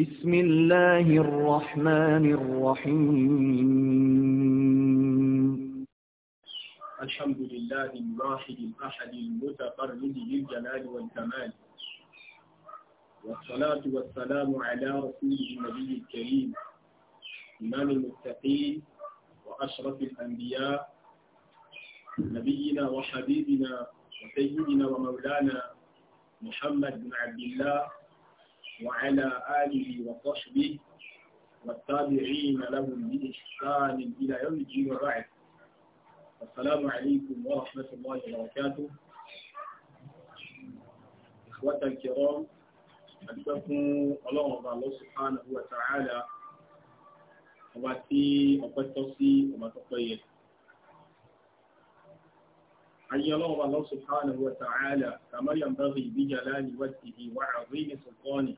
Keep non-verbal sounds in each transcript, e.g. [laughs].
بسم الله الرحمن الرحيم الحمد لله الواحد الأحد المتفرد للجلال والكمال والصلاة والسلام على رسول النبي الكريم إمام المتقين وأشرف الأنبياء نبينا وحبيبنا وسيدنا ومولانا محمد بن عبد الله وعلى آله وصحبه والتابعين لهم بإحسان إلى يوم الدين الرعد السلام عليكم ورحمة الله وبركاته إخوة الكرام أدفكم الله رضا الله سبحانه وتعالى وأتي وماتي وقتصي وماتقيت أي الله الله سبحانه وتعالى كما ينبغي بجلال وجهه وعظيم سلطانه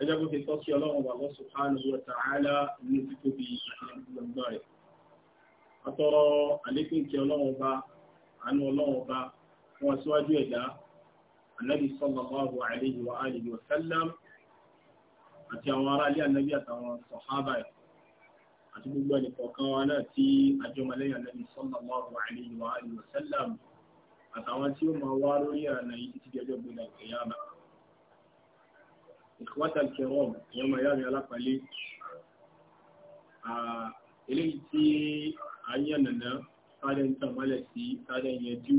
ẹjọ́ bó ti tọ́ sí ọlọ́run Allah subhanahu wa ta'ala ní títóbi àti gbọ̀ngbọ̀n rẹ̀. atọ́rọ àlékún ìkẹ́ ọlọ́run ọba àánú ọlọ́run ọba fún aṣíwájú ẹ̀dá anabi sallallahu alayhi wa alihi wa sallam àti àwọn ará ilé anabi àtàwọn sọ̀hábà ẹ̀ àti gbogbo ẹnì kọ̀ọ̀kan wa náà tí àjọmọlẹ́yìn anabi sallallahu alayhi wa alihi wa sallam àtàwọn tí ó máa wá lórí àná ìkọ́wátà kẹrọm ìyẹn ọmọ ìyá mi alápàlẹ́ eléyìí tí a ń yàn nàná sáré ń tàn mọ́lẹ̀ sí sáré ń yẹjú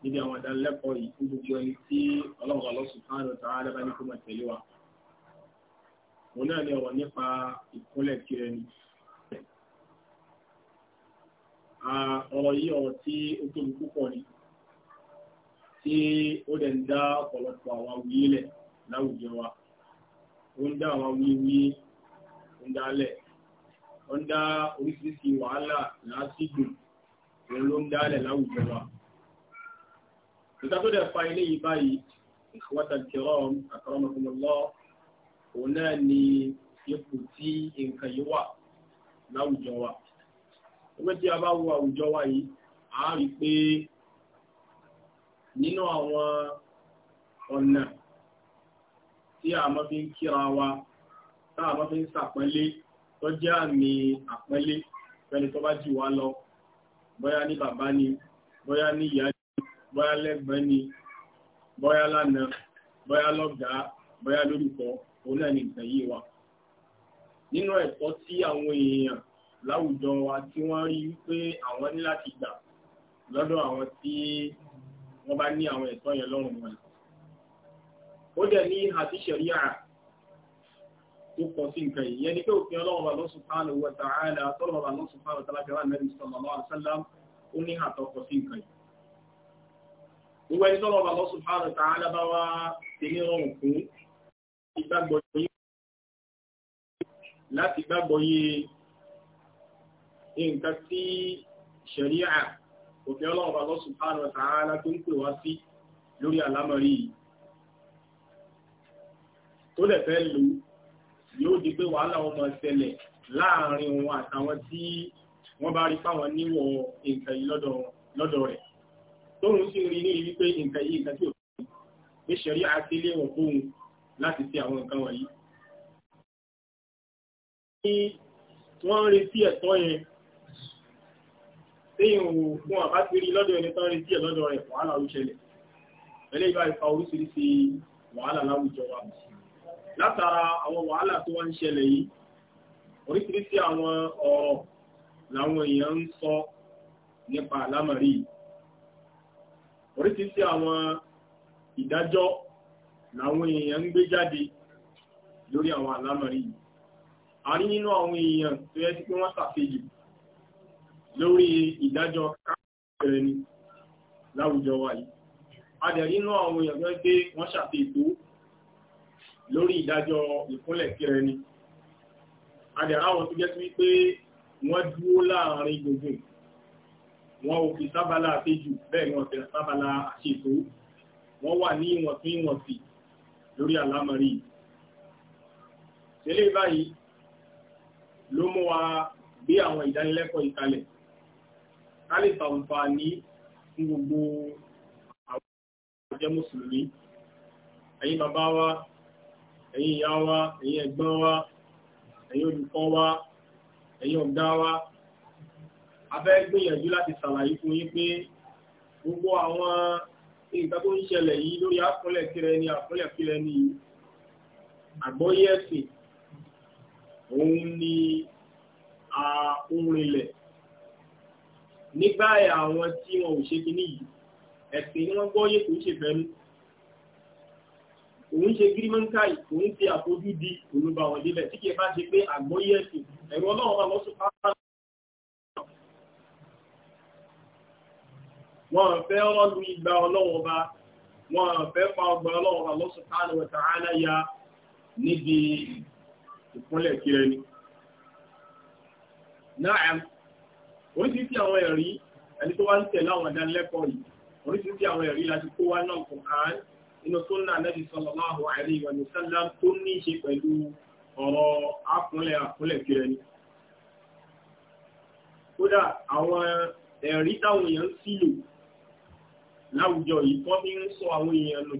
níbi àwọn ìdánilẹ́kọ̀ọ́ yìí gbogbo ẹni tí ọlọ́run Allah subhanahu wa ta'ala bá ní kó máa tẹ̀lé wa. òun náà ni ọ̀rọ̀ nípa ìkúnlẹ̀ kí ẹni. ọ̀rọ̀ yìí ọ̀rọ̀ tí ó dẹ̀ ń dá ọ̀pọ̀lọpọ̀ àwọn awuyé láwùjọ wa ó ń dá àwọn wíwí ó ń dálẹ̀ ó ń dá oríṣiríṣi wàhálà lásìgbòn òun ló ń dálẹ̀ láwùjọ wa ìta tó dẹ̀ fa ilé yìí báyìí ìwọ́ta kìrọ́m àkọ́rọ́mọkùnmọ́lọ́ òun náà nínú àwọn ọ̀nà tí a mọ́ fi ń kíra wa tá a mọ́ fi ń sàpẹ́lé tó jẹ́ àmì àpẹ́lé fẹ́ni tó bá jù wá lọ bóyá ní bàbá ni bóyá ní ìyá ni bóyá lẹ́gbẹ̀ẹ́ ni bóyá lánà bóyá lọ́gàá bóyá lórúkọ òun nǹkan yìí wà nínú ẹ̀kọ́ tí àwọn èèyàn láwùjọ wa tí wọ́n rí wípé àwọn ní láti gbà lọ́dọ̀ àwọn tí wọ́n bá ní àwọn ẹ̀tọ́ yẹn lọ́rùn wọn ó dẹ̀ ní ìhà tí ṣẹ̀ríà tó pọ̀ sí nǹkan yìí yẹn ni pé òfin ọlọ́run bá lọ́sùn fáàlù wọ tààlà tọ́lọ́run bá lọ́sùn fáàlù tààlà mẹ́rin sallallahu alaihi wasallam ó ní ìhà tó pọ̀ sí nǹkan yìí. gbogbo ẹni tọ́lọ́run bá lọ́sùn fáàlù tààlà bá wá ti rọrùn fún láti gbàgbọ́ yìí nǹkan tí ṣẹ̀ríà òfin ọlọ́run bá lọ́sùn fáàlù tààlà tó ń pè wá sí lórí àlámọ̀rí yìí tó dẹ̀ fẹ́ lò yóò di pé wàhálà wọn máa ṣẹlẹ̀ láàrin wọn àtàwọn tí wọ́n bá rí fáwọn níwọ̀ nǹkan yìí lọ́dọ̀ rẹ̀ tóun sì rí ní wípé nǹkan yìí nǹkan tí ò fi ṣẹ̀rí àti ilé wọn fóun láti ṣe àwọn nǹkan wọ̀nyí wọ́n ń retí ẹ̀tọ́ yẹn téèyàn ò fún àbá ti rí lọ́dọ̀ ẹni tán retí ẹ̀ lọ́dọ̀ rẹ̀ wàhálà ó ṣẹlẹ̀ ẹlẹ́gbàá ìfà oríṣiríṣi wàhálà láwùjọ wa látara àwọn wàhálà tó wá ń ṣẹlẹ̀ yìí oríṣiríṣi àwọn ọ̀rọ̀ làwọn èèyàn ń sọ nípa àlámọ̀rí oríṣiríṣi àwọn ìdájọ́ làwọn èèyàn ń gbé jáde lórí àwọn àlámọ̀rí a rí nínú àwọn èèyàn tó yẹ sí pé wọ́n ṣàfihàn lórí ìdájọ́ káàkiri láwùjọ wa yìí a dẹ̀ rí nínú àwọn èèyàn tó yẹ pé wọ́n ṣàfihàn lórí ìdájọ́ ìkúnlẹ̀ kíra a, adẹ̀rá wọn tó jẹ́ sí wípé wọ́n dúró láàrin gbogbo wọn ò fi sábàlá àtẹ́jù bẹ́ẹ̀ wọn tẹ̀ sábàlá àṣètò wọ́n wà ní ìwọ̀ntún ìwọ̀ntì lórí àlámọ̀rí tẹ́lẹ̀ báyìí ló mú wa gbé àwọn ìdánilẹ́kọ̀ọ́ ìkalẹ̀ ká lè ṣàǹfààní fún gbogbo àwọn ọjọ́ mùsùlùmí ẹ̀yin bàbá wa ẹ̀yin ìyá wa ẹ̀yin ẹ̀gbọ́n wa ẹ̀yin olùkọ́ wa ẹ̀yin ọ̀gá wa a fẹ́ gbìyànjú láti ṣàlàyé fún yín pé gbogbo àwọn nǹkan tó ń ṣẹlẹ̀ yìí lórí àkúnlẹ̀ kíra ẹni àkúnlẹ̀ kíra ẹni yìí àgbọ́yé ẹ̀sìn òun ni ohun ilẹ̀ nígbà àwọn tí wọn ò ṣe kíní yìí ẹ̀sìn ni wọ́n gbọ́yé kò ṣèfẹ́nu òun ṣe gírímọ́ńkáì òun ṣe àfojú di òun bá wọn débẹ̀ tí kìí bá ṣe pé àgbọ́yé ẹ̀sìn ẹ̀rọ ọlọ́run wà lọ́sùn pápá. wọn fẹ́ rọ́lu ìgbà ọlọ́run ọba wọn fẹ́ fa ọgbà ọlọ́run ọba lọ́sùn pápá wa ta'ala ya níbi ìpínlẹ̀ kiri ni. náà oríṣiríṣi àwọn ẹ̀rí ẹni tó wá ń tẹ̀lé àwọn ìdánilẹ́kọ̀ọ́ yìí oríṣiríṣi àwọn ẹ̀rí láti kó wá náà kò inú sunna Nabi sallallahu alaihi wa sallam tó ní ṣe pẹ̀lú ọ̀rọ̀ akúnlẹ̀ akúnlẹ̀ kiri ni. Kódà àwọn ẹ̀rí táwọn èèyàn sì lò láwùjọ yìí kọ́ bí ń sọ àwọn èèyàn lò.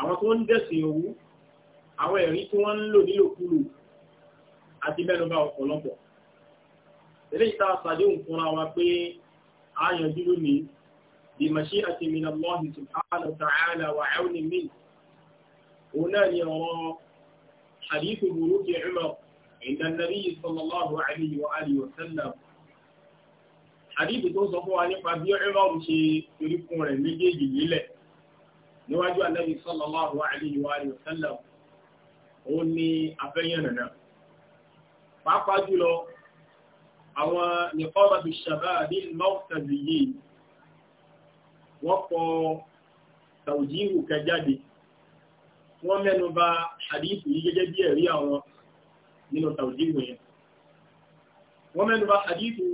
Àwọn tó ń dẹ̀sìn òwú, بمشيئة من الله سبحانه وتعالى وعون منه هنا يرى حديث بروك عمر عند النبي صلى الله عليه وآله وسلم حديث توصفه عن قبي عمر شيء يريكم لنجيجي إليه níwájú Ànábì sallallahu alayhi wa sallam òun ni afẹ́yẹnàná pàápàá jùlọ àwọn nìkọ́bàbì ṣàbá ní mọ́tàzì yìí wọ́n kọ tàwùjíhù kan wọ́n mẹ́nu bà hadithu yìí gẹ́gẹ́ bí ẹ̀rí àwọn nínú tàwùjíhù yẹn wọ́n mẹ́nu bà hadithu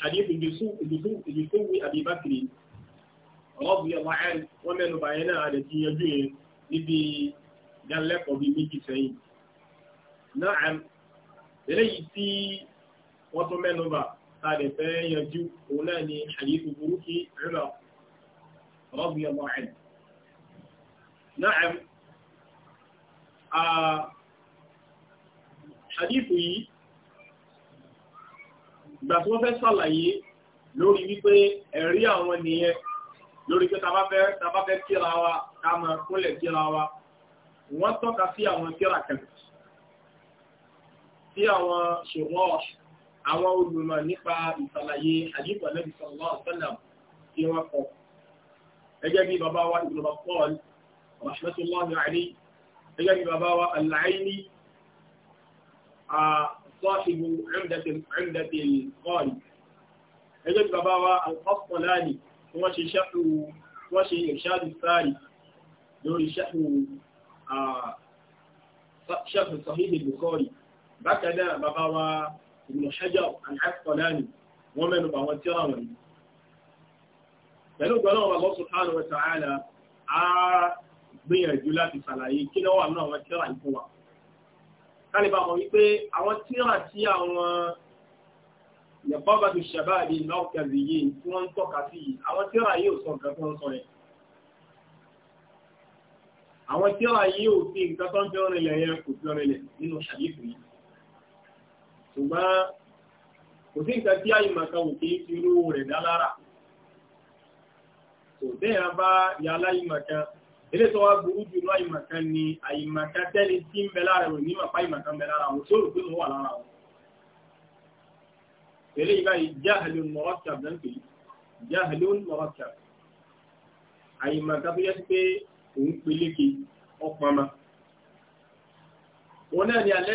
hadithu ìdìsúwì àbíbákiri ọlọ́bù yẹn wọ́n mẹ́nu bà yẹn náà àdẹ̀tí yanjú yẹn níbi dánlẹ́kọ̀ọ́ bíi méjì sẹ́yìn náà eléyìí tí wọ́n tún ni hadithu burúkú rẹ̀ رضي الله عنه نعم حديثي بس yìí في tí لوري fẹ́ ṣàlàyé lórí wípé ẹ̀rí àwọn nìyẹn lórí pé tàbá fẹ́ kíra wa ká máa kúnlẹ̀ kíra wa wọ́n tọ́ka sí àwọn kíra kan sí àwọn ṣèwọ́n àwọn olùmọ̀ nípa ìṣàlàyé àdìpọ̀ lẹ́bi sallallahu alaihi tí wọ́n kọ̀ọ̀kan ẹgẹ́ bí bàbá wa Ibn Battal rahmatullahi alayhi ẹgẹ́ bí bàbá wa al-Aini sahibu ẹ̀mdẹ̀tẹ̀ kọ́ọ̀lì ẹgẹ́ bí bàbá wa al-Qastalani wọ́n ṣe ṣẹ́kù wọ́n ṣe ìrìṣàdù sáàrì lórí ṣẹ́kù ṣẹ́kù Sahih bákan náà bàbá wa Ibn Hajar al wọ́n mẹ́nu bà tí pẹ̀lú gbọ́nà Allah subhanahu wa ta'ala á gbìyànjú láti ṣàlàyé kí lọ́wọ́ àwọn àwọn tíra yìí fún wa. kálíbà mọ̀ wípé àwọn tíra tí àwọn yẹ̀bọ́bà tó ṣẹ̀bá àbí lọ́ọ̀kẹ́rì yìí tí wọ́n ń tọ́ka sí yìí àwọn tíra yìí ò sọ nǹkan tó ń sọ yẹn. àwọn tíra yìí ò fi nǹkan tó ń fi rinlẹ̀ yẹn kò fi rinlẹ̀ nínú ṣàlífù yìí. ṣùgbọ́n kò sí nǹkan tí àyè tó bẹ́ẹ̀ bá ya aláìmọ̀kan ilé tó wá burú jù lọ àìmọ̀kan ni àìmọ̀kan tẹ́lẹ̀ tí ń bẹ lára rẹ̀ nímọ̀ pa àìmọ̀kan bẹ lára wọn tó rò pé wọ́n wà lára wọn. eré ìgbà yìí jahlun murakkab náà pè jahlun tó yẹ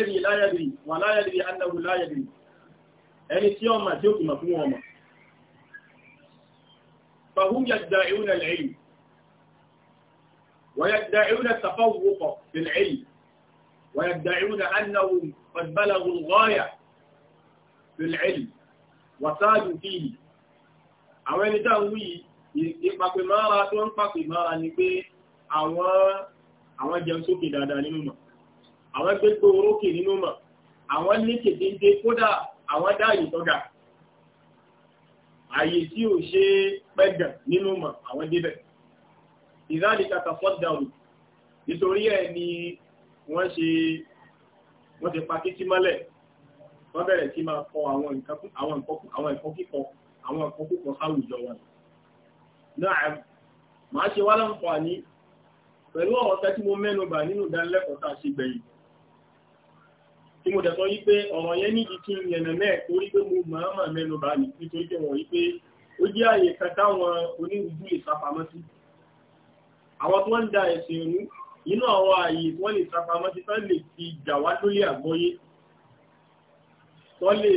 sí pé فهم يدعون العلم ويدعون التفوق في العلم ويدعون أنهم قد بلغوا الغاية في العلم وسادوا فيه àwọn ẹni dáa ń wí ìpapèmára tó ń pàpèmára ni pé àwọn jẹun sókè dáadáa nínú mọ̀ àwọn gbégbó orókè nínú mọ̀ àwọn ní kèdéńdé kódà àwọn dáàyè tọ́gà àyè tí ò ṣe pẹ́gàn nínú mọ̀ àwọn débẹ̀. ìdádìka tàfọ́dàrù nítorí ẹ̀ ni wọ́n ṣe wọ́n ti pa títí mọ́lẹ̀ wọ́n bẹ̀rẹ̀ sí máa kọ àwọn nǹkan kíkọ àwọn nǹkan kíkọ sáwùjọ wọn. náà màá ṣe wá láǹfààní pẹ̀lú ọ̀rọ̀ tí mo mẹ́nu bà nínú ìdánilẹ́kọ̀ọ́ tá a ṣe gbẹ̀yìn tí mo dẹ̀sọ́ yí pé ọ̀rọ̀ yẹn nídìí kí n yẹ̀nà náà torí pé mo máa mà mẹ́nu bá ní nítorí pé wọ́n yí pé ó jẹ́ àyè kan táwọn onírúurú lè sápamọ́ sí. àwọn tí wọ́n ń da ẹ̀sìn òun nínú àwọn àyè tí wọ́n lè sápamọ́ sí tán lè fi jà wá lórí àgbọ́yé tán lè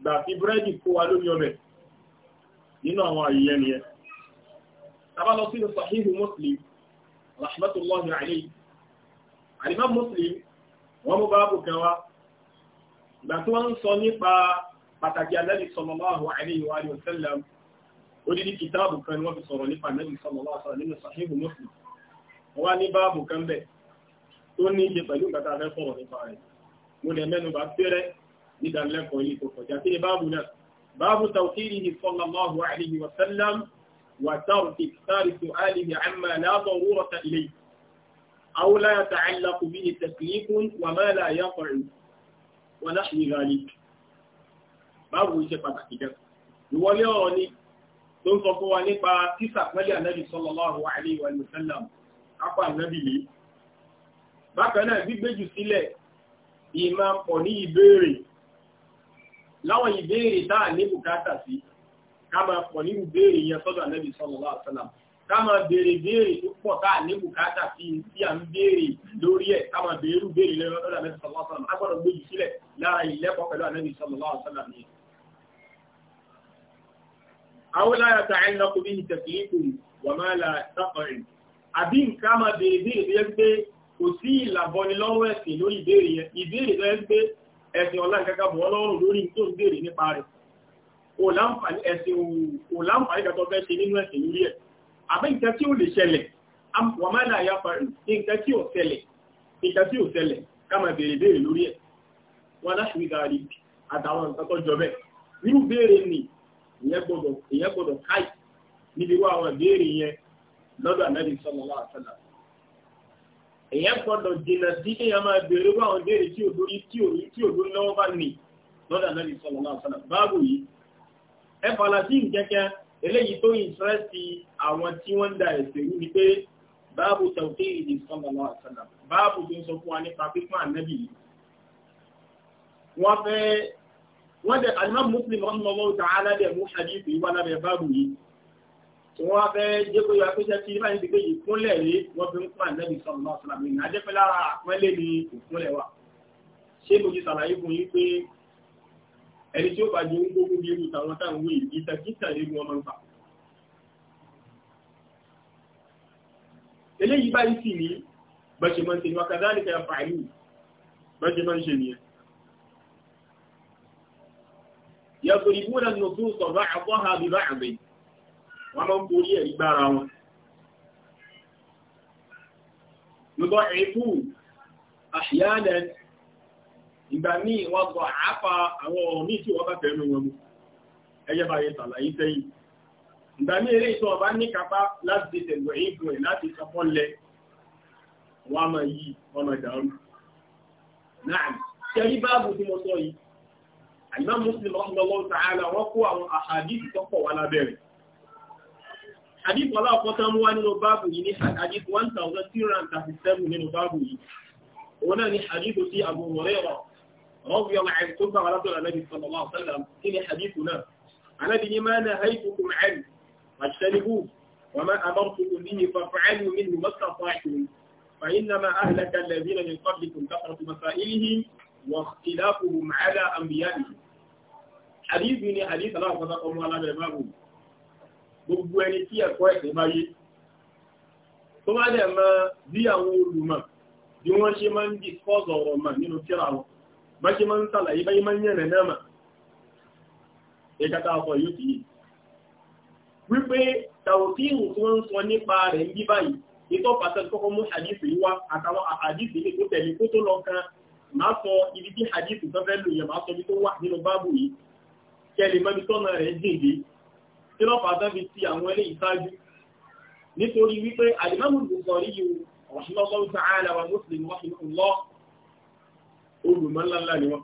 gbà fi búrẹ́dì kó wa lórí ọbẹ̀ nínú àwọn àyè yẹn nìyẹn. tábà lọ sínú Sahihu Muslim rahmatullahi alayhi alimam Muslim wọ́n mú báàbù kan wá ìgbà tí wọ́n ń sọ nípa pàtàkì Ànábì sallallahu alayhi wa sallam odidi kìtáàbù kan ni wọ́n fi sọ̀rọ̀ nípa Ànábì sallallahu alayhi wa nínú Sahihu Muslim wọ́n ní bá fẹ́rẹ́ أو لا يتعلق به تكليف وما لا يقع ونحو ذلك báwo iṣẹ́ pàtàkì jẹ́ ìwọlé ọ̀rọ̀ ni tó ń sọ fún wa nípa títà pẹ́lẹ̀ ànábì sallallahu alaihi wa sallam apá ànábì lè bákan náà gbígbéjù sílẹ̀ ìmá pọ̀ ní ìbéèrè láwọn ìbéèrè táà ní bùkátà sí ká máa pọ̀ ní ìbéèrè yẹn sọ́dọ̀ ànábì sallallahu alaihi wa sallam káma béèrè béèrè tó pọ̀ tá ní bùkátà fi tí à ń béèrè lórí ẹ̀ káma béèrè béèrè lẹ́yìn lọ́dọ̀ àmẹ́sì sọ̀rọ̀ sọ̀rọ̀ a gbọ́dọ̀ gbójú sílẹ̀ lára ìlẹ́kọ̀ọ́ pẹ̀lú àmẹ́sì sọ̀rọ̀ sọ̀rọ̀ ni. àwọn lára ta ẹ̀ ń lọ́kọ̀ bí ìtẹ̀kìlíkù wà máa la sọ́kọ̀rin àbí nǹkan máa béèrè béèrè tó yẹ pé kò sí ìlàbọni lọ́wọ́ ẹ̀sìn lórí ìbéèrè àbí nǹkan tí ó lè ṣẹlẹ̀ wọ́n máa láyà parí nǹkan tí ó ṣẹlẹ̀ nǹkan tí ó ṣẹlẹ̀ ká máa bere lórí ẹ̀ wọ́n aláṣìírí gàrí àtàwọn nǹkan tó jọ bẹ́ẹ̀ nínú ni ìyẹn gbọ́dọ̀ káì níbi wá àwọn wa yẹn lọ́dọ̀ ànábì sallallahu alaihi wasallam èyàn gbọ́dọ̀ jìnnà sí kéèyàn máa béèrè wá àwọn béèrè tí òdórí tí òdórí o lọ́wọ́ bá nì lọ́dọ̀ ànábì báàbò yìí ẹ eléyìí tó ìntírẹ́sì àwọn tí wọ́n ń da ẹ̀sẹ̀ yìí ni pé báàbù tẹ̀wọ́tì ìdí sọ́nàmọ́ àṣàdà báàbù tó ń sọ fún wa nípa pípọ́n ànẹ́bì yìí. wọ́n fẹ́ wọ́n dẹ̀ alimá muslim rahimahullahu ta'ala dẹ̀ mú hadith yìí wá lábẹ́ báàbù yìí. wọ́n fẹ́ jẹ́ pé wọ́n akóṣẹ́ tí báyìí ti gbé yìí kúnlẹ̀ rí wọ́n fi ń pọ́n ànẹ́bì sọ́nàmọ́ àṣàdà ẹni tí ó bá jẹ́ ń gbogbo bí irú tàwọn táwọn wí ìtàkítà nínú ọmọ ń fà. eléyìí báyìí sì ní bẹ́ṣe mọ́ sí ya fàálù bẹ́ṣe mọ́ ṣe nìyẹn yàtò ìbúra nùtú sọ̀rọ̀ àkọ́hà bí bá àbẹ̀ wọ́n mọ́ ń borí ẹ̀ gbára wọn nùtọ̀ ẹ̀kú àṣíyánẹ̀ ìgbà míì wọ́n gọ àáfà àwọn ọ̀rọ̀ míì tí wọ́n bá fẹ́ wọn mú ẹyẹ bá yẹ tàlàyé sẹ́yìn ìgbà míì eré ìtọ́ ọba ní kápá láti tẹ̀lọ̀ èèkù ẹ̀ láti sapọ́ lẹ wọ́n máa yí wọ́n máa dàrú náà tẹ́rí báàbù tí mo sọ yìí àyíká muslim ọ̀sọ̀lọ́ ta'ala wọ́n kó àwọn àhàdìsì tó pọ̀ wá lábẹ́rẹ̀ àdìsì ọlọ́ọ̀kọ́ tán rọ́bì ọmọ ẹni tó gbà wà látọ̀ ànábì sallallahu alaihi wasallam kí ni hadithu náà ànábì ní máa na haifu kùn ẹn àṣẹlibú wà máa amọ́rùkù kùn ní ìfà fàáyù nínú mọ́sàfà ìlú فإنما أهلك الذين من قبلكم كثرة مسائلهم واختلافهم على أنبيائهم hadith ni hadith aláwọ̀kọ́ta ọmọ alábẹ̀rẹ̀ máa bù gbogbo ẹni tí ẹ̀kọ́ ẹ̀kẹ́ bá yé tó bá dẹ̀ mọ́ bí àwọn olùmọ̀ bí wọ́n ṣe máa ń discuss ọ̀rọ̀ mọ̀ nínú tírà wọn bá ṣe máa ń sàlàyé bá yí máa ń yẹ̀nà náà mà ẹ̀kàtà ọkọ̀ yóò ti yìí wípé tàwọ̀kíhù tí wọ́n ń sọ nípa rẹ̀ ń bí báyìí ìtọ́ pàtàkì kọ́kọ́ mú hadith yìí wá àtàwọn hadith yìí tó tẹ̀lé kó tó lọ kan máa sọ ibi tí hadith tó fẹ́ lò yẹn máa sọ ibi tó wà nínú báàbù yìí kẹlẹ̀ olùmọ́lá ni wọ́n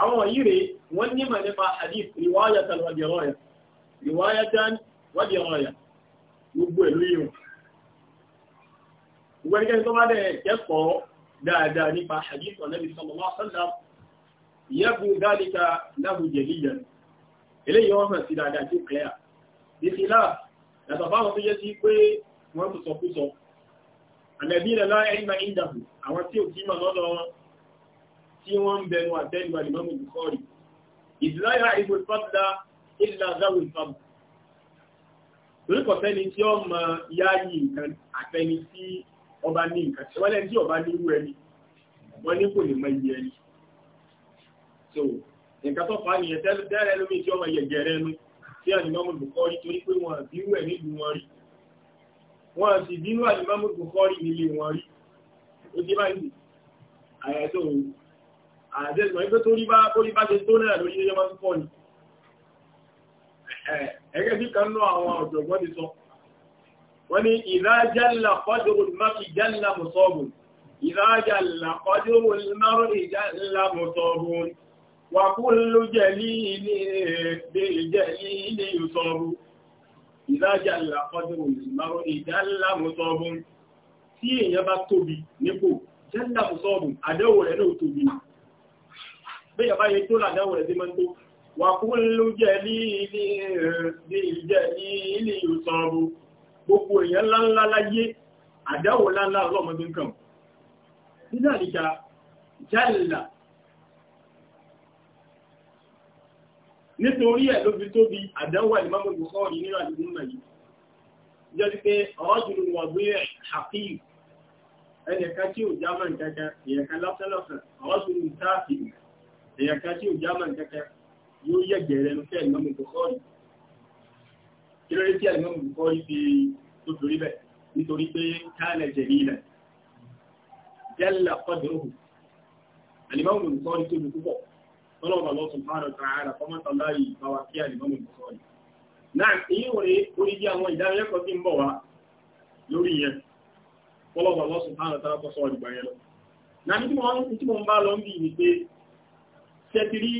àwọn wọ̀nyí rẹ̀ wọ́n nímọ̀ nípa hadith riwayatan wa diraya riwayatan wa diraya gbogbo ìlú yìí wọn gbogbo ẹnikẹ́ni tó bá dẹ̀ kẹ́kọ̀ọ́ dáadáa nípa hadith Ànábì sallallahu alaihi wasallam yẹ́bù dhalika lahu jaliyan eléyìí wọ́n hàn sí dáadáa tí ó kẹ́yà ìfìlà yàtọ̀ fáwọn tó yẹ sí pé wọ́n tó sọkúsọ àlẹ́bí ìrẹ̀lá ẹ̀yìn máa ń dàbò àwọn tí ò tí mà lọ́dọ̀ wọn tí wọ́n ń bẹnu àtẹ́lú alìmọ́mù Bukhari ìdíláyà ìwò ìfàdà ìlà záwò ìfàdà lórúkọ sẹ́ni tí ó mọ yáyí nǹkan àtẹni tí ọba ní nǹkan tí wọ́n tí ọba ní irú ẹni wọ́n ní kò lè mọ iye ẹni so nǹkan tó fàá nìyẹn tẹ́lẹ̀ lómi tí ọmọ yẹ̀gẹ̀ rẹ nu tí alìmọ́mù Bukhari torí pé wọn àbí irú ẹ̀ nílùú wọn rí wọn sì bínú alìmọ́mù Bukhari nílé wọn rí ó ti báyìí àyàtọ̀ àjẹ́sìmọ̀ ipé tó rí bá tó rí bá ṣe tó náà lórí ẹjọ́ máa ń pọ̀ ní ẹgẹ́ bí kan náà àwọn ọ̀jọ̀gbọ́n ti sọ wọ́n ní ìrájálà kọjúrò mọ́kì jálà mọ́sọ́gùn ìrájálà kọjúrò mọ́rì jálà mọ́sọ́gùn wà kú ló jẹ̀lí ní èdè jẹ̀lí ní ìsọ́rù ìrájálà kọjúrò mọ́rì jálà bí ìyàbá yẹ tó làdáwò rẹ̀ sí mọ́ tó wà kúrò ló jẹ́ ní ilé ìsọ̀rọ̀ gbogbo èèyàn ńláńlá láyé àdáwò ńláńlá ọlọ́mọdún kan nígbàdíjà jálìlà nítorí ẹ̀ ló fi tóbi àdáwò ìmáàmù Bukhari nínú àdúgbò náà yìí jẹ́ pé ọ̀rọ̀jùlù wà gbé ẹ̀ ṣàfihàn ẹnìkan tí ò já mọ́ nǹkan kan èèyàn kan lọ́sẹ̀lọ́sẹ̀ èèyàn kan tí ò jámà kankan yóò yẹ̀gẹ̀ rẹ̀ ló fẹ́ ìmọ̀mù bùkọ́rì kí ló rí sí ìmọ̀mù bùkọ́rì fi tó torí bẹ̀ nítorí pé káàlẹ̀ jẹ̀lì ilẹ̀ jẹ́là kọ́dùrùhù àlìmọ̀mù bùkọ́rì tóbi púpọ̀ tọ́lọ́mà lọ sùn fáàrọ̀ tààrà fọ́mọ́tà láyé báwa kí àlìmọ̀mù bùkọ́rì náà èyí wò rè orí bí àwọn ìdánilẹ́kọ̀ọ́ tí ń bọ̀ wá lórí yẹn tọ́lọ́mà lọ sùn fáàrọ̀ tààrà fọ́sọ́ tẹ̀tìrí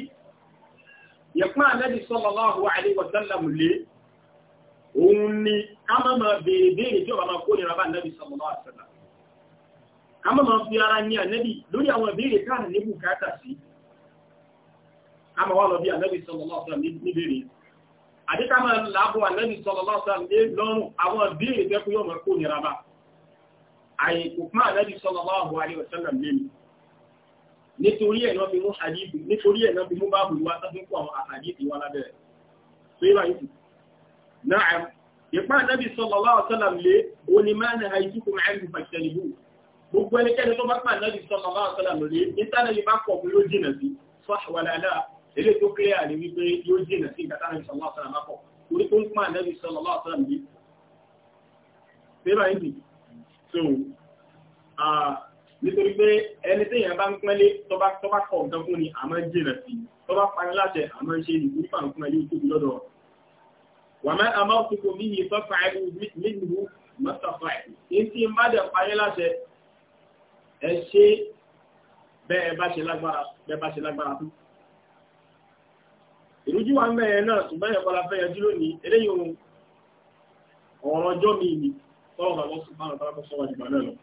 yẹ̀pá àlẹ́bí sallallahu alaihi wa sallam lé òun ni ká má máa béèrè béèrè tí ọba máa kó nira bá àlẹ́bí sallallahu alaihi wa sallam ká má máa fi ara ní àlẹ́bí lórí àwọn ìbéèrè káàdì ní bùkátà sí ká má wá lọ bí àlẹ́bí sallallahu alaihi wa sallam níbèrè àti ká máa làbọ̀ àlẹ́bí sallallahu alaihi nítorí ẹ̀ náà fi mú hadith nítorí ẹ̀ náà fi mú báàbù wá sáfún fún àwọn hadith wá lábẹ́rẹ̀ tó yíra yìí náà ìpá ànábì sallallahu alaihi wasallam lé oní máa ní àìsíkùn àìsíkùn fàṣẹlìbù gbogbo ẹnikẹ́ni tó bá pà ànábì sallallahu alaihi wasallam lé nítànà yìí bá kọ̀ yóò jìnà sí sọ́ṣàwàlálà ilé tó kílẹ̀ àní wípé yóò jìnà sí ìgbà tánà sallallahu alaihi wasallam kọ̀ orí tó nítorí pé ẹni tí èèyàn bá ń pẹ́lé tó bá kọ̀ nǹkan fún ni àmọ́ jìnà sí tó bá parí láṣẹ àmọ́ ṣe ní nípa nǹkan ilé tóbi lọ́dọ̀ wà mẹ́ àmọ́ kòkò mí yìí tó fa ẹrù nínú mọ́tàfà ẹ̀ tí ń bá dẹ̀ parí láṣẹ ẹ ṣe bẹ́ẹ̀ bá ṣe lágbára bẹ́ẹ̀ bá ṣe lágbára tó ìrújú wa ń bẹ̀rẹ̀ náà ṣùgbọ́n ẹ̀kọ́ la fẹ́ yanjú lónìí eléyìí ọ̀rọ̀ ọjọ́ mi ni tọ́wọ́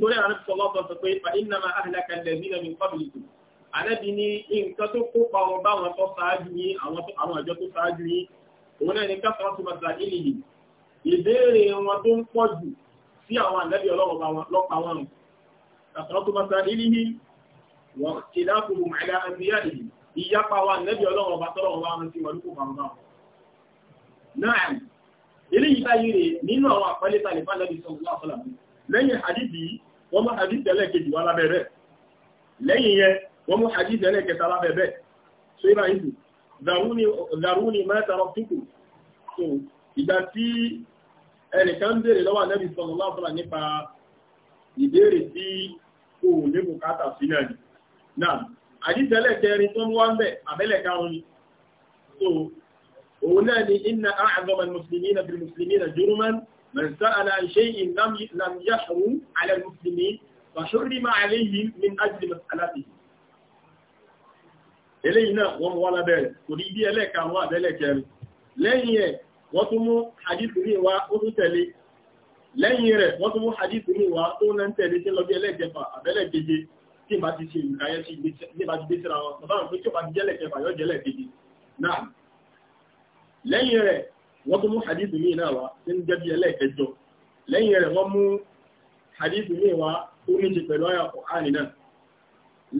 nítorí àwọn ẹ̀sọ́ lọ́sọ̀ sọ pé fa iná máa àhìlá kalẹ̀ nínú mi kọ́bìlì kù ànábì ní nǹkan tó kópa wọn bá wọn tó ṣáájú yín àwọn àjọ tó ṣáájú yín òun náà ní kásán tó máa ṣàkíyè yìí ìbéèrè wọn tó ń pọ̀ jù sí àwọn ànábì ọlọ́wọ́ bá wọn lọ́pa wọn rùn kásán tó máa ṣàkíyè yìí wọ́n ti dáàbò wọn ti wọn wọ́n mú hadith ẹlẹ́ẹ̀kejì wá lábẹ́ bẹ́ẹ̀ lẹ́yìn yẹn wọ́n mú hadith ẹlẹ́ẹ̀kẹta lábẹ́ bẹ́ẹ̀ so ibà yìí tù dàrúni dàrúni mẹ́ta rọ túkù so ìgbà tí ẹnìkan béèrè lọ́wọ́ ànábì sọ̀rọ̀ láfọ̀lá nípa ìbéèrè tí kò ní bùkátà sí náà ni náà hadith ẹlẹ́ẹ̀kẹrin tó ń wá ń bẹ̀ àbẹ́lẹ̀ karùn ni so òun náà ni inna a'zama al-muslimina bil-muslimina jurman من سأل عن شيء لم لم يحرم على المسلمين فحرم عليهم من أجل مسألته eléyìí náà wọ́n wọ́n lábẹ́rẹ̀ kò rí bí ẹlẹ́ẹ̀ka wọ́n àbẹ́lẹ̀kẹrin lẹ́yìn ẹ̀ wọ́n tún mú hadithu ní ìwá ó tún tẹ̀lé lẹ́yìn rẹ̀ wọ́n tún mú hadithu ní ìwá tó náà ń tẹ̀lé tí lọ bí ẹlẹ́ẹ̀kẹfà àbẹ́lẹ̀keje tí bá ti ṣe ìrìnkayẹ́ sí ní bá ti gbé síra wọn bàbá mi pé tí ó bá ti jẹ́lẹ̀kẹfà yóò jẹ́lẹ̀keje náà lẹ́yìn rẹ̀ wọ́n tún mú hadith míì náà wá tí ń jẹ́bi ẹlẹ́ẹ̀kẹjọ lẹ́yìn rẹ̀ wọ́n mú hadith míì wá tó ní ti pẹ̀lú àyà Kùránì náà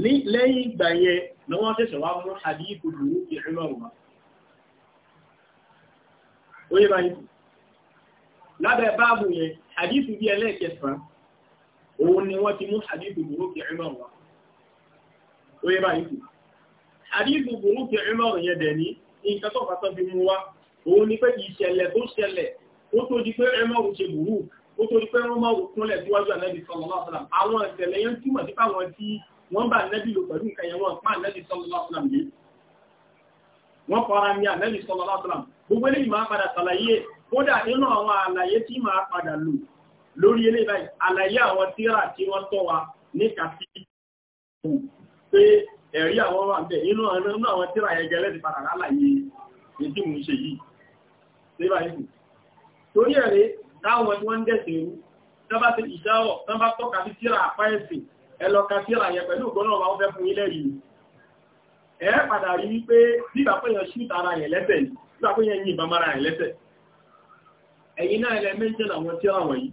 ní lẹ́yìn ìgbà yẹn ni wọ́n ṣẹ̀ṣẹ̀ wá mú hadith lùú ìrìnà wá ó báyìí lábẹ́ báàbù yẹn hadith bí ẹlẹ́ẹ̀kẹsàn òun ni wọ́n ti mú hadith lùú ìrìnà wá ó báyìí hadith lùú ìrìnà yẹn dẹ̀ ní nǹkan tó fàtọ́ fi mú wá òun ni pé ìṣẹ̀lẹ̀ tó ṣẹlẹ̀ ó tó di pé ẹmọ́rù ṣe bùrù ó tó di pé wọ́n máa kúnlẹ̀ síwájú ànábì sallallahu alaihi wasallam àwọn ìṣẹ̀lẹ̀ yẹn túmọ̀ sí fáwọn tí wọ́n bá ànábì lò pẹ̀lú nǹkan yẹn wọ́n pa ànábì sallallahu alaihi wasallam yìí wọ́n fara ní ànábì sallallahu alaihi wasallam gbogbo eléyìí máa padà ṣàlàyé kódà nínú àwọn àlàyé tí máa padà lò lórí eléyìí síbà yìí torí ẹ̀rẹ́ táwọn tí wọ́n ń dẹ̀sẹ̀ ìrú tọ́bá ti ìṣàrọ̀ tọ́bá tọ́ka sí tíra àpá ẹ̀sìn ẹlọ́ka tíra yẹ pẹ̀lú ògbọ́nà ọba ọfẹ́ fún ilẹ̀ yìí ẹ padà rí wípé bíbà pé yẹn ṣú tara yẹn lẹ́sẹ̀ ni bíbà pé yẹn yìnbọn mara yẹn lẹ́sẹ̀ ẹ̀yin náà ẹlẹ́ mẹ́ńtẹ́n àwọn tíra wọ̀nyí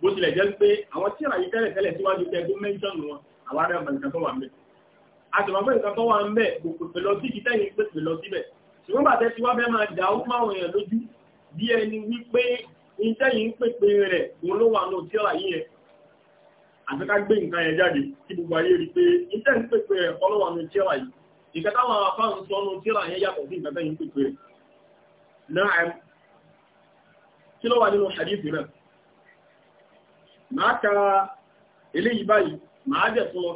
bó tilẹ̀ jẹ́ pé àwọn tíra yìí tẹ́lẹ̀ tẹ́lẹ̀ síwájú tẹ́ tó mẹ́ńtẹ́n wọn àwọn ará ọmọ nǹkan tó wà ń bẹ̀ àtìmọ́ pé nǹkan tó wà ń bẹ̀ kò pèpè lọ sí ìtẹ́yìn pèpè lọ síbẹ̀ ṣùgbọ́n bàtẹ́ ti wá bẹ́ máa dà ó máwọn èèyàn lójú bí ẹni wípé iṣẹ́ yìí ń pèpè rẹ̀ òun ló wà náà tíọ́là yìí yẹn gbé nǹkan yẹn jáde kí gbogbo ayé rí pé iṣẹ́ ń pèpè rẹ̀ ló wà náà ìkẹ́ táwọn ń sọ ọ́nà ka eléyìí báyìí máa dẹ̀ tún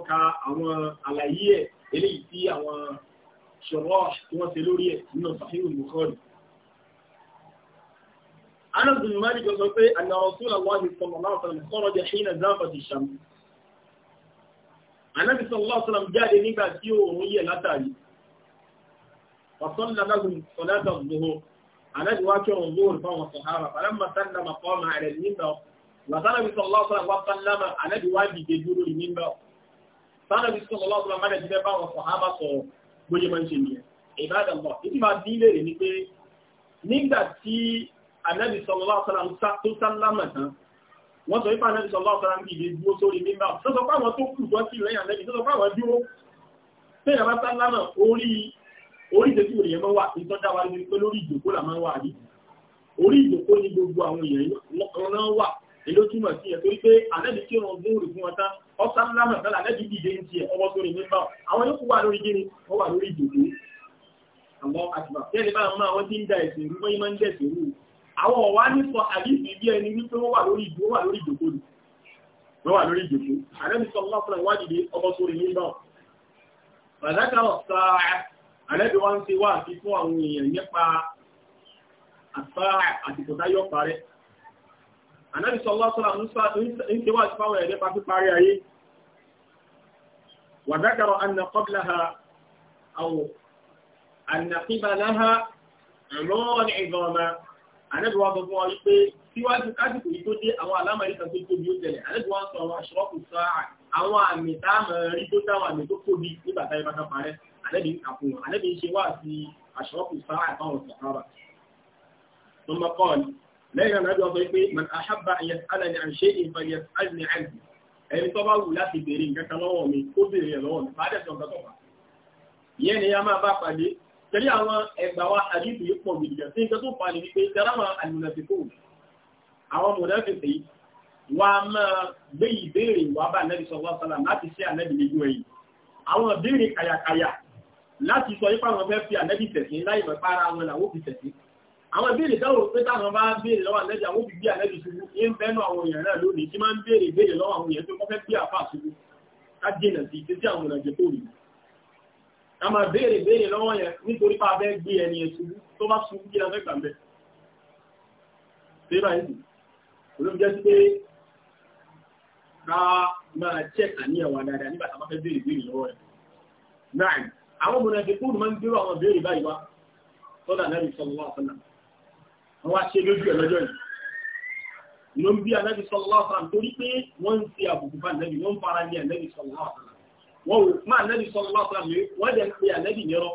ṣọ̀rọ̀ tí wọ́n ṣe lórí ẹ̀ nínú Sahih Bukhari. Anas bin Malik sọ pé anna Rasulullahi sallallahu alaihi wasallam kharaja hina zafati shams. Ànábì sallallahu alaihi wasallam jáde nígbà tí oòrùn yẹ̀ látàrí. Fa salla lahum salata dhuhur. Ànábì wá kírun zuhur fáwọn sahaba. Falamma sallama qama ala al-minbar. Làtàrà bí sallallahu alaihi wasallam wá sallama Ànábì wá dìde dúró ìmínbà. Sànàbí sallallahu bó ṣe máa ń ṣe nìyẹn ìbáraẹn bọ̀ títí máa bí léèrè ni pé nígbà tí anabi sọlọ lọ́wọ́ sọlá tó sálámà tán wọ́n sọ wípé anabi sọlọ lọ́wọ́ sọlá ń dìde dúró sórí mímbà tó sọ pé àwọn tó kù tó sì lẹ́yìn anabi tó sọ pé àwọn dúró tẹ́yà bá sálámà orí orí ìdẹ́sí òrìyẹn máa wà ìtọ́jà wa lórí ìjòkó là wà ní orí ìjòkó ni gbogbo àwọn èèyàn náà wà èló túmọ̀ sí ẹ̀ torí pé àlẹ́bí tí wọ́n gún òrùn fún ọtá ọ̀sán lámà tán àlẹ́bí dìde ń tiẹ̀ ọmọ sórí mímbà àwọn yòókù wà lórí gíní wọ́n wà lórí ìdòdó àwọn àtìmọ̀ tí ẹni bá ń mọ àwọn tí ń da ẹ̀sìn rú wọ́n máa ń dẹ̀sìn rú àwọn ọ̀wá ní sọ àdìsí bí ẹni wípé wọ́n wà lórí ìdòdó wọ́n wà lórí ìdòdó wọ́n wà lórí ìdòdó àlẹ́bí sọ lọ́fúnra wá dìde ọmọ sórí mímbà bàdákà ọ̀sà àlẹ́bí wọn ń ṣe wá àti fún àwọn èèyàn nípa àtìkọ̀tá yọ̀ parẹ́ ànábì sallallahu alaihi wasallam ń ṣe wáàsí fáwọn ẹ̀dẹ́ pa píparí ayé wa dhakara anna qablaha aw anna qibalaha ẹ̀rọ́ọ̀nì ìgbọ̀nà ànábì wa sọ fún wa wípé síwájú kásìkò yìí tó dé àwọn alámọ̀rí kan tó tóbi ó tẹ̀lẹ̀ ànábì wa sọ àwọn aṣọ́kù sáà àwọn àmì táàmù rí tó dáwọn àmì tó tóbi nígbà táyé bá ká parẹ́ ànábì ń kà fún ń ṣe wáàsí aṣọ́kù sáà àtàwọn sàkárà. ثم قال lẹ́yìn àná àjọ sọ pé man ahabba ayẹ alẹ́ni àṣẹ ìfàyẹ alẹ́ni àìsí ẹni tó bá wù láti béèrè nǹkan kan lọ́wọ́ mi kó béèrè ẹ̀ lọ́wọ́ mi bá dẹ̀ sọ nǹkan tó fà. ìyẹn ni a máa bá pàdé torí àwọn ẹgbà wa àdìsí yìí pọ̀ gidigan sí nǹkan tó fà ní wípé tẹ́lámà àlùmọ̀síkò àwọn mọ̀dẹ́fẹ̀sẹ̀ yìí wà á gbé ìbéèrè wà bá nẹ́bí sọ wọ́n láti ṣe ànẹ́bí lójú ẹ̀yìn àwọn ìbéèrè kàyàkàyà láti sọ yípa àwọn fẹ́ fi ànẹ́bí tẹ̀sí láì mọ̀ para àwọn fi tẹ̀sí àwọn ìbéèrè táwọn pé táwọn bá béèrè lọ́wọ́ àlẹ́jà wọ́n fi gbé àlẹ́jù ṣubú ní bẹ́nu àwọn èèyàn náà lónìí tí máa ń béèrè ìbéèrè lọ́wọ́ àwọn èèyàn tó kọ́fẹ́ gbé àfà ṣubú ká jìnà sí ìṣe tí àwọn ìrìnàjò tó rí a máa béèrè ìbéèrè lọ́wọ́ yẹn nítorí pa abẹ́ gbé ẹni ẹ̀ ṣubú tó bá ṣubú kí lafẹ́ gbàgbẹ́ ṣé báyìí sì olóbi jẹ́ sí pé ká máa check àníyàn wa dáadáa nígbà tá bá fẹ́ béèrè wọ́n á ṣe lójú ẹ̀ lọ́jọ́ yìí ló ń bí anábì sọlọ́lá ọ̀sán torí pé wọ́n ń fi àbùkù bá anábì wọ́n ń fara ní anábì sọlọ́lá ọ̀sán wọ́n wò má anábì sọlọ́lá ọ̀sán lè wọ́n dẹ̀ ń pe anábì yẹrọ.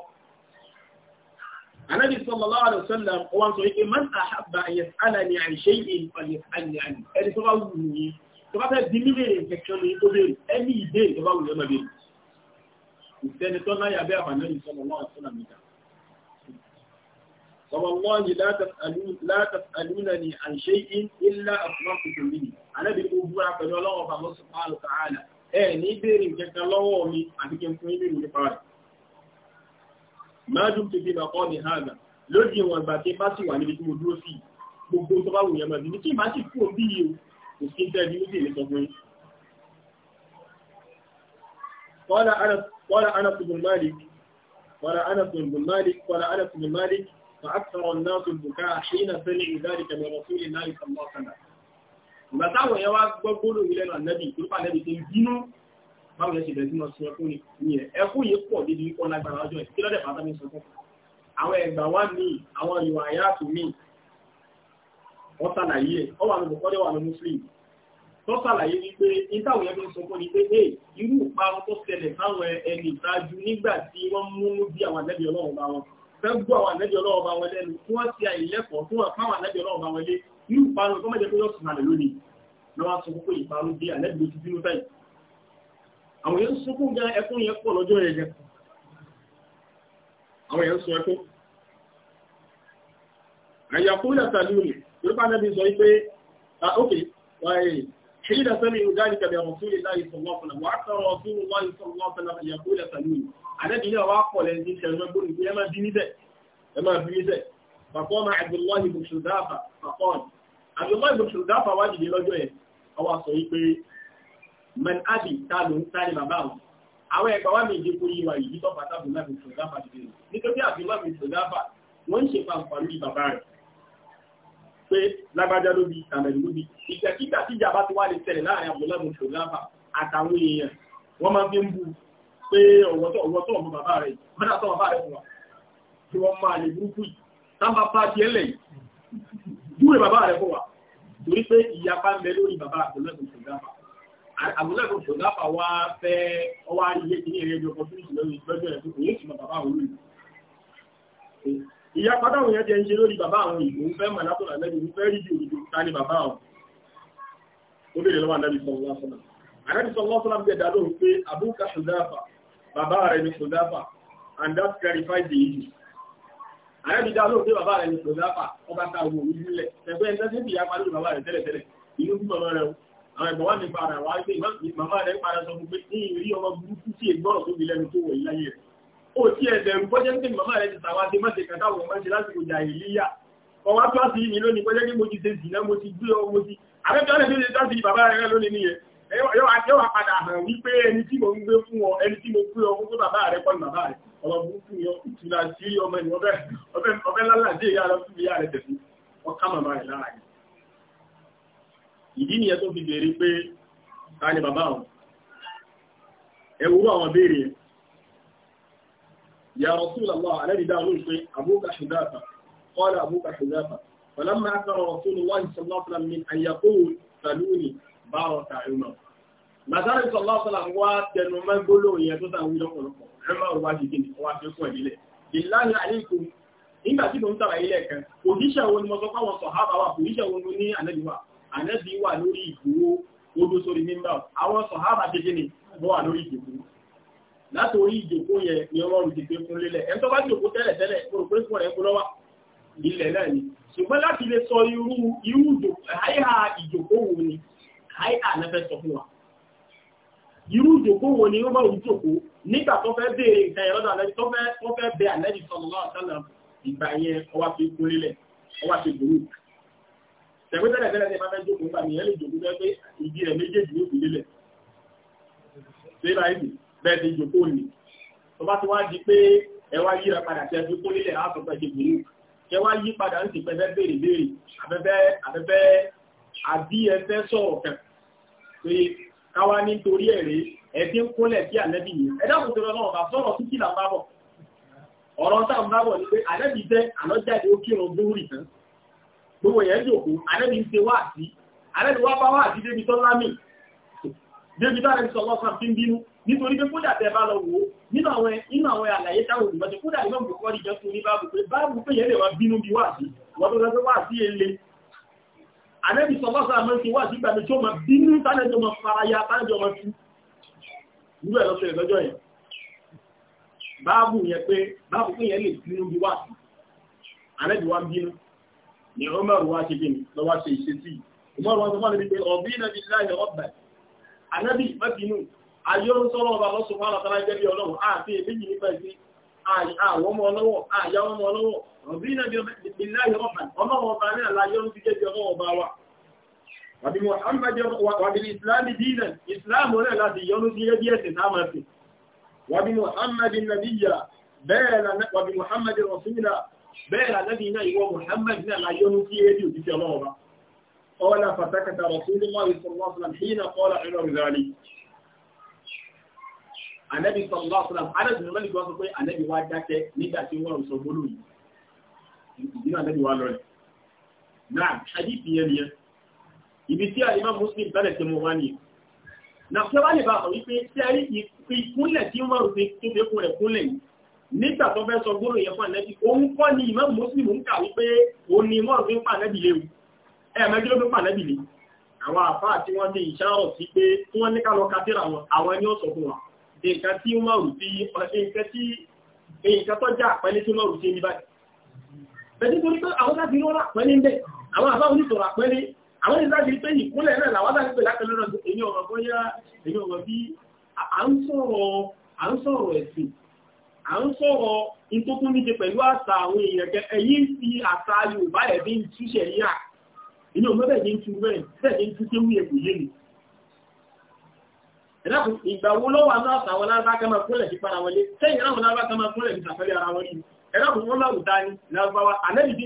anábì sọlọ́lá ọ̀sán lè wọ́n sọ pé man àhábà ẹ̀yẹ sálà ní àìṣe yìí ìpàdé àní àní ẹni tó bá wù ú فوالله لا تسألون لا تسألونني عن شيء إلا أخبرتكم به أنا بالأبوة فلو الله الله سبحانه وتعالى إيه نبيري كيف الله ومي أبيكم كميبيري لقاري ما دمت في مقام هذا lójú ìwọ̀n ìgbà tí bá sì wà sí gbogbo tó bá ní tí bá sì kúrò bí i kò sí jẹ́ ní ojú ìlẹ́sọ fún yín. Qala Anas bin Malik, Qala Anas bin فأكثر الناس البكاء حين سمعوا ذلك من رسول الله صلى الله عليه وسلم ìgbà táwọn èèyàn wá gbọ́gbọ́lò ìlẹ́nu ànẹ́bì tó pà lẹ́bì tí ń bínú báwọn ẹ̀ṣẹ̀ bẹ̀rẹ̀ tí wọ́n sun ẹkún ní ẹ̀ ẹkún yìí pọ̀ débi wípọ́ lágbára ọjọ́ ìkí lọ́dẹ̀ pátá mi sọkún àwọn ẹ̀gbà wá ní àwọn ìwà àyà àtò mi wọ́n ṣàlàyé ẹ̀ ọ wà ní bùkọ́dẹ̀ wà ní mùsùlùmí tó ṣàlàyé wípé ìtàwọn yẹn fi ń sọkún ni pé ẹ irú ìparun tó ṣẹlẹ̀ fáwọn ẹni ìtajú nígbà tí wọ́n múnú bí àwọn ànẹ́bì ọlọ́run bá wọn fẹ́ gbọ́ àwọn àlẹ́jọ́ ọlọ́wọ́ bá wọlé ẹnu tí wọ́n ti àìlẹ́kọ̀ọ́ tí wọ́n fáwọn àlẹ́jọ́ ọlọ́wọ́ bá wọlé irú ìparun tó mẹ́jẹ pé yóò sùn àlẹ́ lónìí lọ́wọ́ sọ pé ìparun bí àlẹ́jọ́ ti bínú báyìí àwọn èèyàn sunkún gan ẹkún yẹn pọ̀ lọ́jọ́ yẹn gan àwọn èèyàn sun ẹkún àyàkú lẹ́ta lónìí yorùbá náà bí sọ pé ok حين سمعوا ذلك برسول الله صلى الله عليه وسلم وأكثر رسول الله صلى الله عليه وسلم يقول سلوني àdẹ́bí náà wá pọ̀ lẹ́yìn tí ṣẹ̀rọ gbóni pé ẹ máa bí níbẹ̀ ẹ máa bí níbẹ̀ fàkọ́ọ̀mà Abdullahi ibn Shudafa fàkọ́ọ̀n Abdullahi ibn Shudafa wá dìde lọ́jọ́ yẹn ọwọ́ sọ yí pé man abi ta ló ń sáré bàbá àwọn àwọn ẹgbẹ́ wa méje kó yíwa yìí tó bàtà Abdullahi ibn Shudafa dìde nítorí Abdullahi ibn Shudafa wọ́n ń ṣe fanfàlú bàbá rẹ̀ pé lágbájá ló bi tàmẹ̀lú ló bi ìgbàkígbà tíjà bá ti wá lè tẹ̀lé láàrin Abdullahi ibn àtàwọn èèyàn wọ́n máa fi ń bu pé ọ̀wọ́tọ̀ ọ̀wọ́tọ̀ ọmọ bàbá rẹ̀ mẹ́ta tọ́ bàbá rẹ̀ fún wa kí wọ́n máa lè burúkú yìí tábà bá jẹ́ lẹ̀ yìí júwe bàbá rẹ̀ fún wa torí pé ìyapa ń bẹ lórí bàbá àbúlẹ̀kùn ṣògáfà àbúlẹ̀kùn ṣògáfà wá fẹ́ ọwá ilé ìní ẹ̀rẹ́ ìjọba tó ń sùn lórí ìgbẹ́jọ́ ẹ̀ tó kò yóò sì mọ bàbá àwọn olóyìn ìyapa táwọn yẹn jẹ ń ṣe lórí bàbá àwọn ìlú ń fẹ́ mọ̀ látọ̀lá lẹ́nu ń fẹ́ rí ju òdodo ta ni bàbá àwọn ó bèèrè lọ́wọ́ àdábì sọ̀rọ̀ lọ́sọ̀lá bàbá rẹ̀ ní kòdáfà and that clarifies the issue. àrẹ́bìdá ló pé bàbá rẹ̀ ní kòdáfà ọba ta owó orí sílẹ̀ ẹgbẹ́ ẹni tẹ́sí ìyá parí bàbá rẹ̀ tẹ́lẹ̀tẹ́lẹ̀ inú bí bàbá rẹ̀ àwọn ẹ̀gbọ́n wà ní padà wá pé màmá rẹ̀ padà sọ fún pé ní ìrí ọmọ burúkú sí ìgbọ́rọ̀ tó fi lẹ́nu tó wọ̀ ìláyé rẹ̀ ó ti ẹ̀sẹ̀ ń bọ́jẹ́ pé màmá rẹ̀ ti tàwa ṣe mọ́ṣe kàtà wọ̀ mọ́ṣe lásìkò jà ìlíyà ọwá kíláàsì yìí lónìí bọ́jẹ́ pé mo ti ṣe jìnnà mo ti gbé ọ mo ti àrẹ́bìnrin tó ṣe dá sí bàbá rẹ̀ lónìí nìyẹn yóò wá padà hàn wípé ẹni tí mo ń gbé fún ọ ẹni tí mo gbé ọ fún bàbá rẹ pọ̀ ní bàbá rẹ ọ̀rọ̀ burúkú ni ìtura sí ọmọ ẹni ọbẹ̀ ọbẹ̀ lálàdé ìyá rẹ fún ìyá rẹ tẹ̀sí ọkà màmá rẹ lára rẹ. ìdí nìyẹn tó fi béèrè pé ta ni bàbá ọ ẹ wúrọ àwọn béèrè yẹn. يا رسول الله الذي داغل في أبوك حذافة قال أبوك حذافة فلما أكبر رسول الله صلى الله عليه وسلم من أن يقول سلوني báwọn tààrí náà. Nàtàrí sọ̀lọ́sọ̀lá wá tẹnu mẹ́gbóló yẹn tó tàwọn ìjọ pọ̀lọpọ̀, ẹ máa wá jìgì ní wá fi fún ẹ̀dílẹ̀. Ìlànà àlékún, nígbà tí mo ń tàbà ilẹ̀ kan, òjíṣẹ́ wo ni mo sọ fáwọn sọ̀hábà wà, òjíṣẹ́ wo ni ànẹ́bí wà, ànẹ́bí wà lórí ìgbówó odó sórí mímbà, àwọn sọ̀hábà jẹjẹ ni wọ́n wà lórí ìjòkó. Látòrí ìjòkó yẹn ni wọ́n rù tètè fún lélẹ̀, ẹ̀ tó bá jòkó tẹ́lẹ̀ tẹ́lẹ̀, mo rò pé fún ẹ̀ kó lọ́wọ́ ilẹ̀ náà ni. Ṣùgbọ́n láti lè sọ irú ìjòkó wo ni, háíà lẹ́fẹ́ sọ fún wa irú ìjòkó wo ni ó bá òun jòkó nígbà tó fẹ́ béèrè nǹkan ẹ̀rọ àlẹ́bí tó fẹ́ tó fẹ́ bẹ àlẹ́bí sallallahu alaihi wasallam ìgbà yẹn ọwá fi kúnlélẹ̀ ọwá fi gbòòrò tẹ̀gbẹ́tẹ̀lẹ̀ tẹ́lẹ̀ ní ìbáfẹ́ jòkó nígbà nìyẹn lè jòkó fẹ́ pé ìdí rẹ̀ méjèèjì ló fi lélẹ̀ ṣé báyìí bì bẹ́ẹ̀ ti jòkó nì tó bá ti wá di pé ẹ yí padà ń ti pẹ́ fẹ́ béèrè béèrè afẹ́fẹ́ àbí ẹ sọ̀rọ̀ kẹ̀kẹ́ pé káwá nítorí ẹ̀rẹ́ ẹbí ń kúnlẹ̀ sí ànẹ́bì yìí ẹ̀dá kò tó lọ́wọ́ bá sọ̀rọ̀ sí kìlà bá bọ̀ ọ̀rọ̀ tá à ń bá bọ̀ ni pé ànẹ́bì jẹ́ àlọ́jáde ó kírun gbóòrì tán gbogbo yẹn jòkó ànẹ́bì ń ṣe wáàsí ànẹ́bì wá bá wáàsí débi tó lámì débi tó ànẹ́bì sọ̀rọ̀ kan fi ń bínú nítorí pé kódà tẹ bá lọ wò nínú àwọn àlàyé táwọn olùmọ̀ṣẹ́ kódà ìmọ̀ bùkọ́rí jọ fún ní báàbù pé báàbù pé yẹn lè wá bínú bí wáàsí wọ́n tó lọ sí èlé ànẹ́bì sọlọ́sọ àmọ́ ti wá sígbà tí ma máa bínú tánẹ́jọ́ ma faraya ya tánẹ́jọ́ máa tú irú ẹ̀ lọ́sọ̀ ìlọ́jọ́ yẹn báàbù yẹn pé báàbù pé yẹn lè bínú bí wá sí ànẹ́bì wá bínú ni Umar wá ṣe bínú lọ wá ṣe ìṣesí Umar wá sọ fún ànẹ́bì pé ọ̀bí nàbí láyé ọ̀bà ànẹ́bì má bínú ayọ́rún sọ́lọ́ ọba lọ́sọ̀ fún àlọ́tara ẹgbẹ́ bí ọlọ́run àti èméjì nípa ìsìn àwọn ọmọ ọlọ́wọ́ àyà ọmọ ọlọ́wọ́ ọ̀bí nàbí láyé ọ̀bà ní àlàyé ọ̀rún ti jẹ́ bí ọlọ́wọ́ ọba wa وبمحمد وبالإسلام دينا إسلام ولا لا ديانو في يدية نامتي وبمحمد النبي بلا وبمحمد الرسول بلا نبينا هو محمد لا يونو في يدية في الله قال فسكت رسول الله صلى الله عليه وسلم حين قال عمر ذلك النبي صلى الله عليه وسلم أنا بن مالك النبي وادك نيجا تيمور وصل نعم حديث يليه ibi tí àìmá muslim bẹ̀rẹ̀ tí mo wá ní na kí wá lè bá àwọn wípé tí a rí ìkúnlẹ̀ tí wọ́n rò pé tó fẹ́ kún rẹ̀ kúnlẹ̀ yìí nígbà tó fẹ́ sọ gbóró yẹn fún ànẹ́bí òun kọ́ ni ìmá muslim ń kà wípé òun ni mọ́rùn fi ń pa ànẹ́bí léwu ẹ̀ẹ̀mẹ́jì ló fi ń pa ànẹ́bí léwu àwọn àfáà tí wọ́n ti ìṣàrọ̀ sí pé tí wọ́n ní ká lọ kátírà wọn àwọn ẹni ọ̀sọ̀ fún wa nǹkan tí wọ́n rù sí nǹkan tí nǹkan tó jẹ́ àpẹẹlẹ tí wọ́n rù sí ní báyìí. bẹ̀ẹ́dì tó pé àwọn láti rí wọn àpẹẹlẹ ń bẹ̀ àwọn àfáà onítọ̀rọ̀ àpẹẹlẹ àwọn ìdájí pé ìkúnlẹ̀ náà làwádà ní pè látẹ̀lú náà èyí ọ̀rọ̀ bóyá èyí ọ̀rọ̀ bí à ń sọ̀rọ̀ ẹ̀sìn à ń sọ̀rọ̀ ìtókún níje pẹ̀lú àṣà àwọn èèyàn kẹ ẹ̀yìn fi àṣà Yorùbá ẹ̀bí ń túṣẹ̀ yíra inú ọmọ bẹ́ẹ̀ ní tú bẹ́ẹ̀ bẹ́ẹ̀ ní tú kéwú ẹ̀kù yé mi ẹ̀dàkùn ìgbà wo lọ́wọ́ àwọn àṣà wọn lábá kama kúnlẹ̀ sí para wọlé sẹ́yìn láwọn lábá kama kúnlẹ̀ sí sàfẹ́lẹ̀ ara wọn rí ẹ̀dàkùn wọn láwùdá ni lábáwá alẹ́bí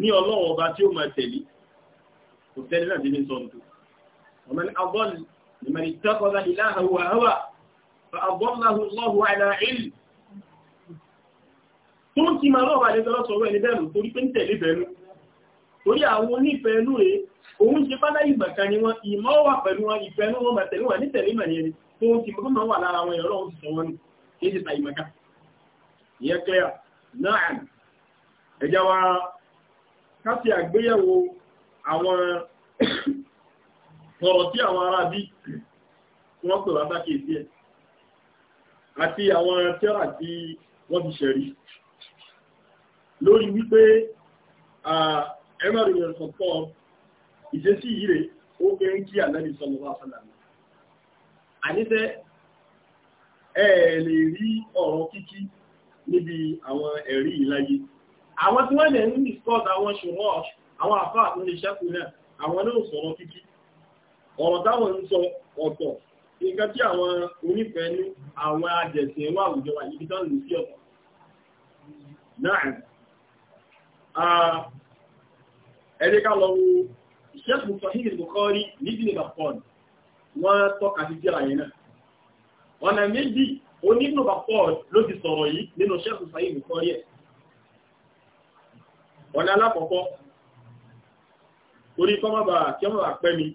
ní ọlọ́run ọba tí ó máa tẹ̀lé kò tẹ́lé náà ti ní sọ nù ọmọ ní abọ́ọ̀lù ìmọ̀ ní tẹ́kọ̀ọ́lá ilaha wa hawa fa abọ́ọ̀láhu lọ́hu ala ilm tó ń ti máa lọ́wọ́ bá lẹ́gbẹ̀ẹ́ lọ́sọ̀rọ̀ ẹni bẹ́ẹ̀ torí pé ń tẹ̀lé bẹ̀ẹ́nu torí àwọn onífẹ̀ẹ́nu rẹ̀ òun ṣe fádá ìgbàkan ni wọn ìmọ̀ wà pẹ̀lú wọn ìfẹ́nu wọn bàtẹ̀lú wọn nítẹ̀lé mẹ̀ yẹn tó ń ti mọ́ wà lára wọn ẹ̀rọ òun sọ wọn ní kí ṣe ta ìmọ̀ká ìyẹn clear náà ẹjá wa káfí àgbéyẹ̀wò àwọn [coughs] ọ̀rọ̀ tí àwọn ará bí wọ́n pè látàkì sí ẹ̀ àti àwọn tẹ́rà tí wọ́n ti ṣẹ̀rí lórí wípé ẹmẹ́rin ìrìnkọ̀kọ́ ìṣesí yìí rẹ̀ ó fẹ́ ń kí ànábì sallallahu alaihi wasallam àníṣẹ́ ẹ̀ lè rí ọ̀rọ̀ kíkí níbi àwọn ẹ̀rí ìláyé àwọn tí wọ́n lè ń discuss àwọn ṣòro àwọn àfá àti oníṣẹ́kù náà àwọn náà sọ̀rọ̀ kíkí ọ̀rọ̀ táwọn ń sọ ọ̀tọ̀ nǹkan tí àwọn onífẹ̀ẹ́nú àwọn ajẹ̀sìn wà àwùjọ wà yìí tán lù sí ọ̀tọ̀ náà ẹ̀rí ká lọ wo ìṣẹ́kù sọ̀hìn Bukhari nídìí bàpọ̀n wọ́n tọ́ka sí jẹ́ àyẹ̀ náà ọ̀nà méjì onígbò bàpọ̀n ló ti sọ̀rọ̀ yìí nínú ìṣẹ́kù sọ̀hìn Bukhari ẹ̀ ọ̀nà alákọ̀ọ́kọ́ torí kọ́mọ̀bà kí ọmọ bà pẹ́ mi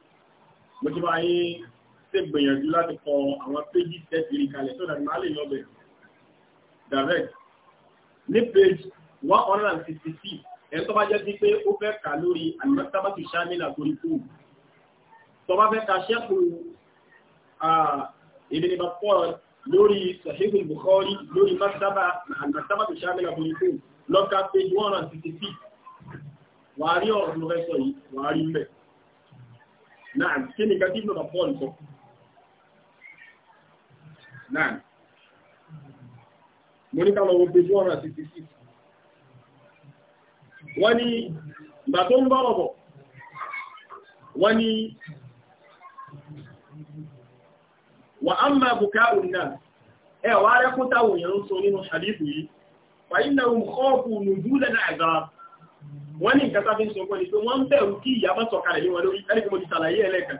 mo ti máa yín ṣe gbìyànjú láti kọ àwọn péjì tẹ́sìrì kalẹ̀ tó dàbí máa lè lọ́bẹ̀ direct ní page one hundred and sixty six ẹ̀ tó bá jẹ́ sí pé ó fẹ́ kà lórí alimọ́tábàtì sàmìlà torí kú tó bá fẹ́ ka ṣẹ́kù Ibn Battal lórí Sahih Bukhari lórí mọ́tábà alimọ́tábàtì sàmìlà torí kú lọ́ka page one hundred and sixty six wà á rí ọ̀rọ̀ ló fẹ́ sọ yìí wà á rí mẹ́ náà kí ni kẹ́kí lọ́nà paul sọ náà mo ní káwọn wo page one hundred sixty six wọ́n ní ìgbà tó ń bọ̀rọ̀ bọ̀ wọ́n ní wà á máa bùkà òun náà ẹ wà á rẹ́kúntà sọ nínú hadith yìí fàyínà òun kọ́ọ̀kù nùdúlẹ̀ náà àgbà wọ́n ní ìkẹta fi ń sọpọ̀ ní pé wọ́n ń bẹ̀rù kí ìyà bá sọ̀kalẹ̀ ní wọn lórí ẹni tí mo ti ṣàlàyé ẹlẹ́ẹ̀kan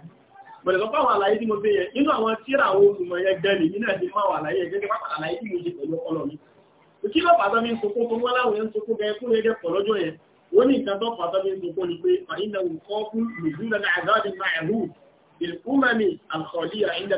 bẹ̀rẹ̀ sọ fáwọn àlàyé tí mo fẹ́ yẹn nínú àwọn tíra àwọn olùmọ̀ yẹn gẹ́ ni nínú ẹ̀sìn máa wà láyé gẹ́gẹ́ pápá àlàyé tí mo ṣe pẹ̀lú ọpọlọ mi kí ló fàtọ́ fi ń sọpọ̀ tó wọ́n láwọn yẹn ń sọpọ̀ gẹ́ kúrò gẹ́gẹ́ pọ̀ lọ́jọ́ yẹn wọ́n ní nǹkan tó fàtọ́ fi ń sọpọ̀ ni pé fàyínà nǹkan fún nùdúrà ní àgáàdì máàrú ìlúmọ̀mì àkọọ́lì àyíndà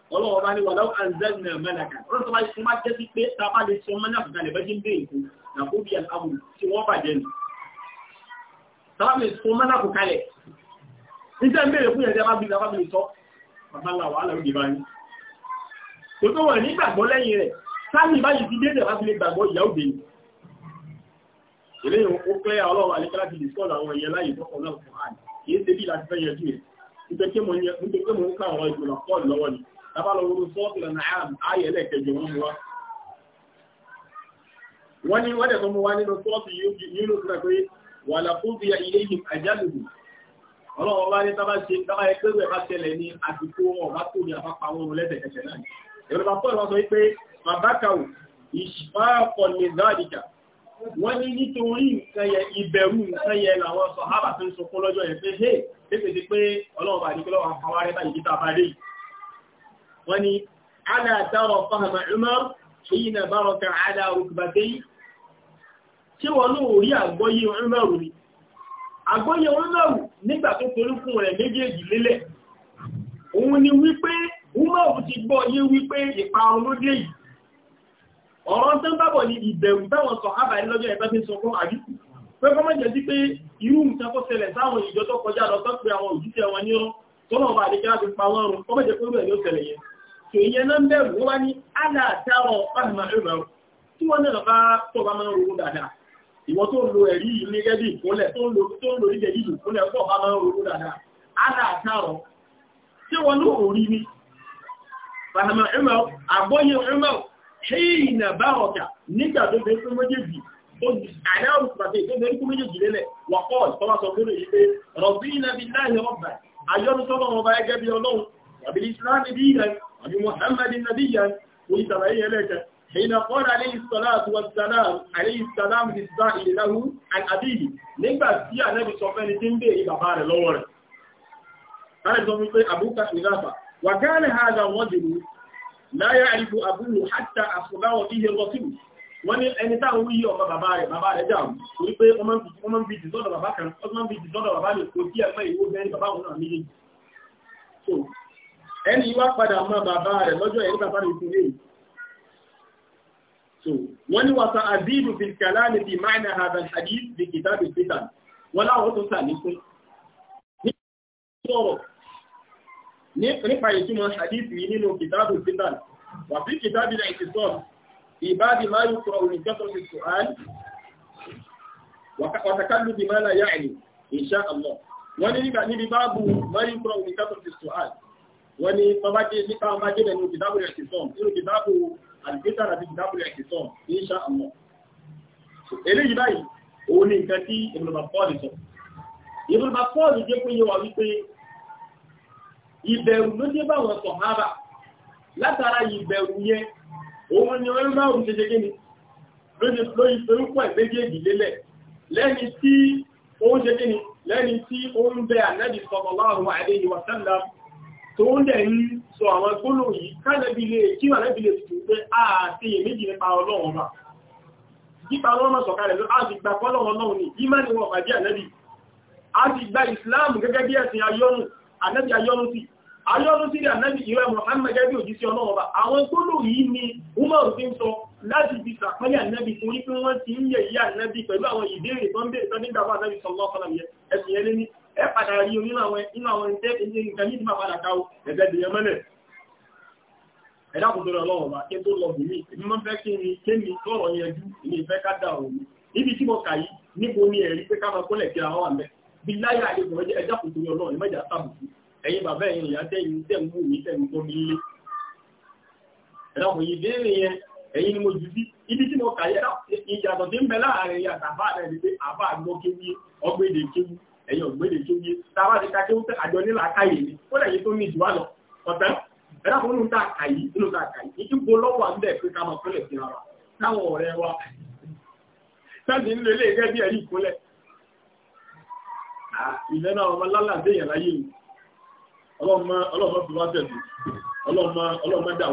ọlọ́wọ́ bá ní wàlá àǹzẹ́nà mẹ́lẹ̀kà ọ̀rọ̀ tó bá ṣe máa jẹ́ sí pé tàbá lè sọ mọ́nà àbùdálẹ̀ bẹ́jì ń bè ìkú na kó bí àmù tí wọ́n bàjẹ́ nù tàbá lè sọ mọ́nà àbùkálẹ̀ iṣẹ́ ń bèèrè fún ẹ̀jẹ̀ bá bí tàbá lè sọ babalá wàhálà òde bá ní tó tó wọ̀ nígbàgbọ́ lẹ́yìn rẹ̀ sáàmì báyìí ti dé tàbá lè gbàgbọ́ ìyá òde ni eléyìí ó pẹ́ ìgbìmọ̀ pọ̀ lọ́wọ́ ni tábàlọ́wọ́rú sọ́ọ̀tìlẹ̀ náà ayẹ̀ ẹlẹ́kẹjọ wọn wá wọ́n ní wọ́n dẹ̀tọ́ mú wá nínú sọ́ọ̀tì yìí ló sọ pé wà lápúbí ilé yìí àjálùmù ọlọ́wọ́ bá ní tábà ṣe tábà ẹgbẹ́ rẹ̀ bá tẹ̀lẹ̀ ní àsìkò wọn bá tó ní àpapọ̀ àwọn lẹ́sẹ̀kẹsẹ̀ náà ìrọ̀lá pọ̀ ìwọ́n sọ wípé babakau ìṣàkọ̀ ní záàdìkà wọ́n ní nítorí nǹkan yẹ wọ́n ni alátàrọ̀ fahama Umar ṣíyìnà bárọ̀kà alá rukbate tí wọ́n ní orí àgbọ́yé Umaru ni àgbọ́yé Umaru nígbà tó torúkún rẹ̀ méjèèjì lélẹ̀ òun ni wípé Umaru ti gbọ́ yé wípé ìparun ló dé yìí ọ̀rọ̀ tó ń bábọ̀ ní ìbẹ̀rù táwọn sọ àbàrí lọ́jọ́ ẹ̀fẹ́ fi sọ fún àdíkù pé kọ́ jẹ́ sí pé irú nǹkan tó ṣẹlẹ̀ sáwọn ìjọ tó kọjá lọ tó àwọn òjíṣẹ́ wọn nírọ́ tó náà bá àdíkẹ́ pa wọ́n rún kọ́ jẹ́ pé ó bẹ̀rẹ̀ yóò ṣẹlẹ̀ yẹn èèyàn na ń bẹ̀rù ana wá ní aláàtàrọ̀ fáìmà ìrọ̀rùn tí wọ́n náà bá tó bá máa ń ronú dáadáa ìwọ́n tó ń lo ẹ̀rí yìí ní gẹ́gẹ́ bí ìkúnlẹ̀ tó ń lo ìjẹ́ yìí ìkúnlẹ̀ pọ̀ bá máa ń ronú dáadáa aláàtàrọ̀ tí wọ́n ló rí ní fáìmà ìrọ̀rùn àgbọ́yé ìrọ̀rùn bá ọ̀kà nígbà tó fẹ́ fún àdáwò tó بمحمد نبيا ويتبعي لك حين قال عليه الصلاة والسلام عليه السلام للسائل له عن أبيه نبا سيا نبي صفين تنبي إلى بار الأول قال زميلي أبوك خلافة وكان هذا الرجل لا يعرف أبوه حتى أخبره به الرسول wọ́n ní ẹni táwọn wí ọmọ bàbá rẹ̀ bàbá rẹ̀ dáhùn torí pé ọmọ ń bí ìdìsọ́dọ̀ bàbá kan ọmọ ń bí ìdìsọ́dọ̀ bàbá rẹ̀ kò tí ẹ̀mọ́ ìwó bẹ́ẹ̀ bàbá òun náà méjèèjì ẹni wá padà mọ́ bàbá rẹ̀ lọ́jọ́ ẹ̀rí bàbá rẹ̀ fún lẹ́yìn so wọ́n ní wàtà azidu fi kàlá ní fi máa ní àhàbà hadith di kìtà bí fìtà wọ́n láwọn tó sàlékún sọ̀rọ̀ nípa ìtumọ̀ hadith yìí nínú kìtà bí fìtà wà fi kìtà bí láìsí sọ̀rọ̀ ìbáàdì máa yóò sọ òrùn ìjọ́sọ̀ sí sùhán wàtàkàlù bí máa láyà ẹ̀yìn insha Allah wọ́n ní níbi báàbù máa yóò sọ òrùn ìjọ́sọ̀ sí sùhán wọ́n ní tọ́bájé nípa ọmọdé nínú kìtàbù rẹ̀ kì sọ́m nínú kìtàbù àdìgbésà àti kìtàbù rẹ̀ kì sọ́m ní ṣá àmọ́ eléyìí báyìí òun ni nǹkan tí ìbùnàbà pọ́ọ̀lù sọ ìbùnàbà pọ́ọ̀lù jẹ́ pé yẹ wà wípé ìbẹ̀rù ló dé báwọn sọ̀hábà látara ìbẹ̀rù yẹn òun ni wọ́n máa ń ṣeṣe kíni lórí forúkọ ìgbéjèèjì lélẹ̀ lẹ́ni tí ó ń ṣe kíni lẹ́ni tí ó ń bẹ ànábì sallallahu alaihi wa tó ń dẹ̀ ń sọ àwọn gbólò yìí kánẹ́bí lè kí wà lẹ́bí lè tìtò pé a ti yè méjì nípa ọlọ́run bá nípa ọlọ́run sọ̀kalẹ̀ ló àti gba pọ́lọ́run náà ní ìmá ni wọ́n bàbí ànẹ́bí a ti gba ìsìláàmù gẹ́gẹ́ bí ẹ̀sìn ayọ́nù ànẹ́bí ayọ́nù sí ayọ́nù sí ànẹ́bí ìwé Muhammad gẹ́gẹ́ bí òjíṣẹ́ ọlọ́run bá àwọn gbólò yìí ni Umar fi ń sọ láti fi sàpẹ́lẹ̀ ànẹ́bí torí pé wọ́n ti ń yẹ̀ yí ànẹ́bí pẹ̀lú àwọn ìbéèrè tó ń béèrè tó nígbà bá ànẹ́bí sọ̀lọ́ ẹ padà rí o nínú àwọn nínú àwọn ìṣẹ́ ìṣẹ́ nǹkan yìí ti máa padà káwọ́ ẹ̀fẹ́ dèyàn mẹ́lẹ̀ ẹ̀dá kò tó rẹ̀ lọ́wọ́ wa kí tó lọ bù mí èmi fẹ́ kí ni kí ni tọ̀rọ̀ yẹn ní ìfẹ́ ká dà òun níbi tí mo kà níbo ni ẹ̀rí pé ká máa kólẹ̀ kí àwọn bí láyà tó rẹ̀ lọ́wọ́ ẹ̀yin bàbá ẹ̀yin ìyá wù mí tó lé ni mo jù sí ibi tí mo kà tí ń bẹ rẹ̀ ni pé àbá ẹ̀yin ọ̀gbẹ́ni tó yé táwa ti káké wípé àjọ nílà káyè ni ó lẹ́yìn tó ní ìdíwá lọ ọ̀tẹ́ ẹ̀dá kan nínú tá a kà yìí a kà yìí ìdíbo lọ́wọ́ àbúdá pé ká máa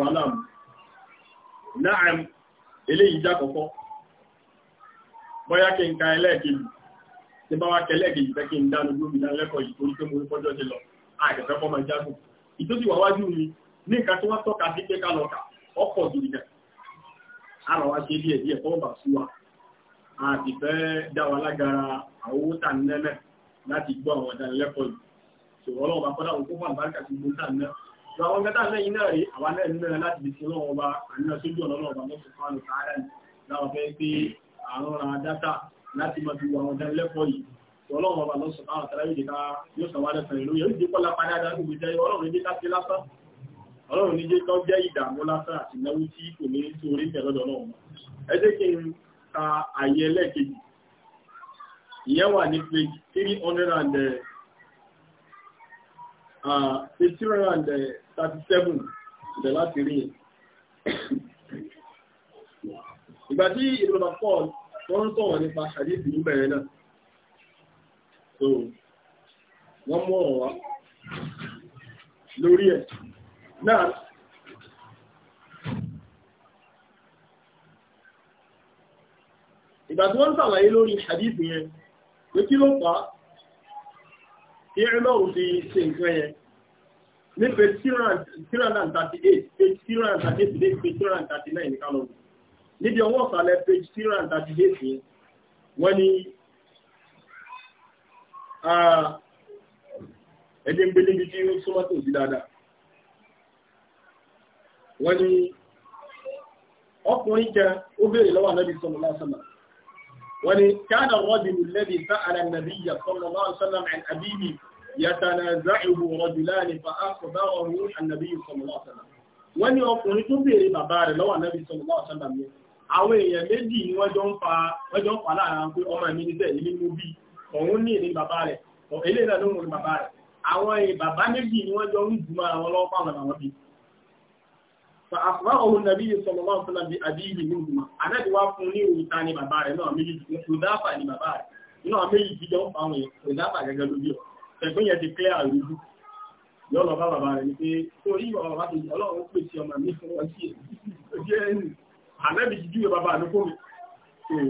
wa náà ọmọ tí bá wá kẹlẹ́ kejì fẹ́ kí n dánu bí omi dánilẹ́kọ̀ọ́ yìí torí pé mo rí fọ́jọ́ ti lọ àìfẹ́ fọ́ máa jágùn ìtòsí wà wájú mi ní nǹkan tí wọ́n tọ́ka sí pé ká lọ kà ọkọ̀ gidi gan ara wa ṣe díẹ̀ díẹ̀ fọ́ bà sí wa àti fẹ́ dá wa lágara àwọn owó tà nẹ́nẹ̀ láti gbọ́ àwọn ìdánilẹ́kọ̀ọ́ yìí ṣòro ọlọ́run bá kọ́dá òkú fún àbáríkà sí gbóńtà náà lọ àwọn mẹ́ta lẹ́yìn náà rí àwa láti mọ̀ fi wọ àwọn ìdánilẹ́kọ̀ọ́ yìí ọlọ́run ọba lọ́sọ̀ táwọn àtàrà yìí ká yóò sọ wá lẹ́sàn ìlú yóò jẹ́ kọ́lá padà dáadọ́ ìwé jẹ́ ọlọ́run ní jẹ́ ká sí lásán ọlọ́run ní jẹ́ tó jẹ́ ìdààmú lásán àti náwó tí kò ní sórí tẹ̀lọ́dọ̀ náà ẹ jẹ́ kí n ka àyè ẹlẹ́ẹ̀kejì ìyẹn wà ní page three hundred and uh, page three hundred and thirty seven ìdẹ̀ láti rí yẹn ìgbà tí ìrọ̀lọ́pọ̀ wọ́n ń sọ̀rọ̀ nípa àdífì ń bẹ̀rẹ̀ náà so wọ́n mú ọ̀rọ̀ wá lórí ẹ̀ náà ìgbà tí wọ́n ń sàlàyé lórí àdífì yẹn pé kí ló fà á kí ẹ̀rọ òfin ṣe nǹkan yẹn nípe 338 page 338 page 339 ní kálọ̀rù níbi ọwọ́ ìsàlẹ̀ page three hundred thirty eight yẹn wọ́n ní ẹni ń gbé níbi tí ó súnmọ́ tó sí dáadáa wọ́n ní ọkùnrin kan ó béèrè lọ́wọ́ ànábì sọ̀rọ̀ lásánà wọ́n ní káàdà rọ́dì lẹ́bi sáàlà nàbí yà sọ̀rọ̀ lásánà ẹ̀ àbíbì yàtànà záìbù rọ́dùlá ní fa àkọ́bá ọ̀run ànábì sọ̀rọ̀ lásánà wọ́n ní ọkùnrin tó béèrè bàbá rẹ̀ lọ́wọ́ ànábì sọ̀rọ̀ lásánà mìíràn àwọn èèyàn méjì ni wọ́n jọ ń fa wọ́n jọ ń fa láàrin pé ọmọ mi ní bẹ́ẹ̀ ilé mú bí òun ní ìní bàbá rẹ̀ ilé náà ló ń bàbá rẹ̀ àwọn bàbá méjì ni wọ́n jọ ń dùn mọ́ra wọn lọ́wọ́ fáwọn àwọn bí. àfúrá òun nàbí sọ̀rọ̀ wọn fún nàbí àdíyìí ní ìgbìmọ̀ àdájọ́ wá fún ní òun ta ni bàbá rẹ̀ náà méjì ìdáfà ni bàbá rẹ̀ náà méjì jíjọ ń fa àwọn ìdáfà gẹ́gẹ́ lójú ọ̀ ẹ̀gbọ́n yẹn bá bàbá rẹ̀ ní pé torí ọ̀rọ̀ bá ti ọlọ́run pèsè ọmọ mi fún ọjọ́ ẹ̀yìn ànábì jíjú yẹ bàbá àdúgbò mi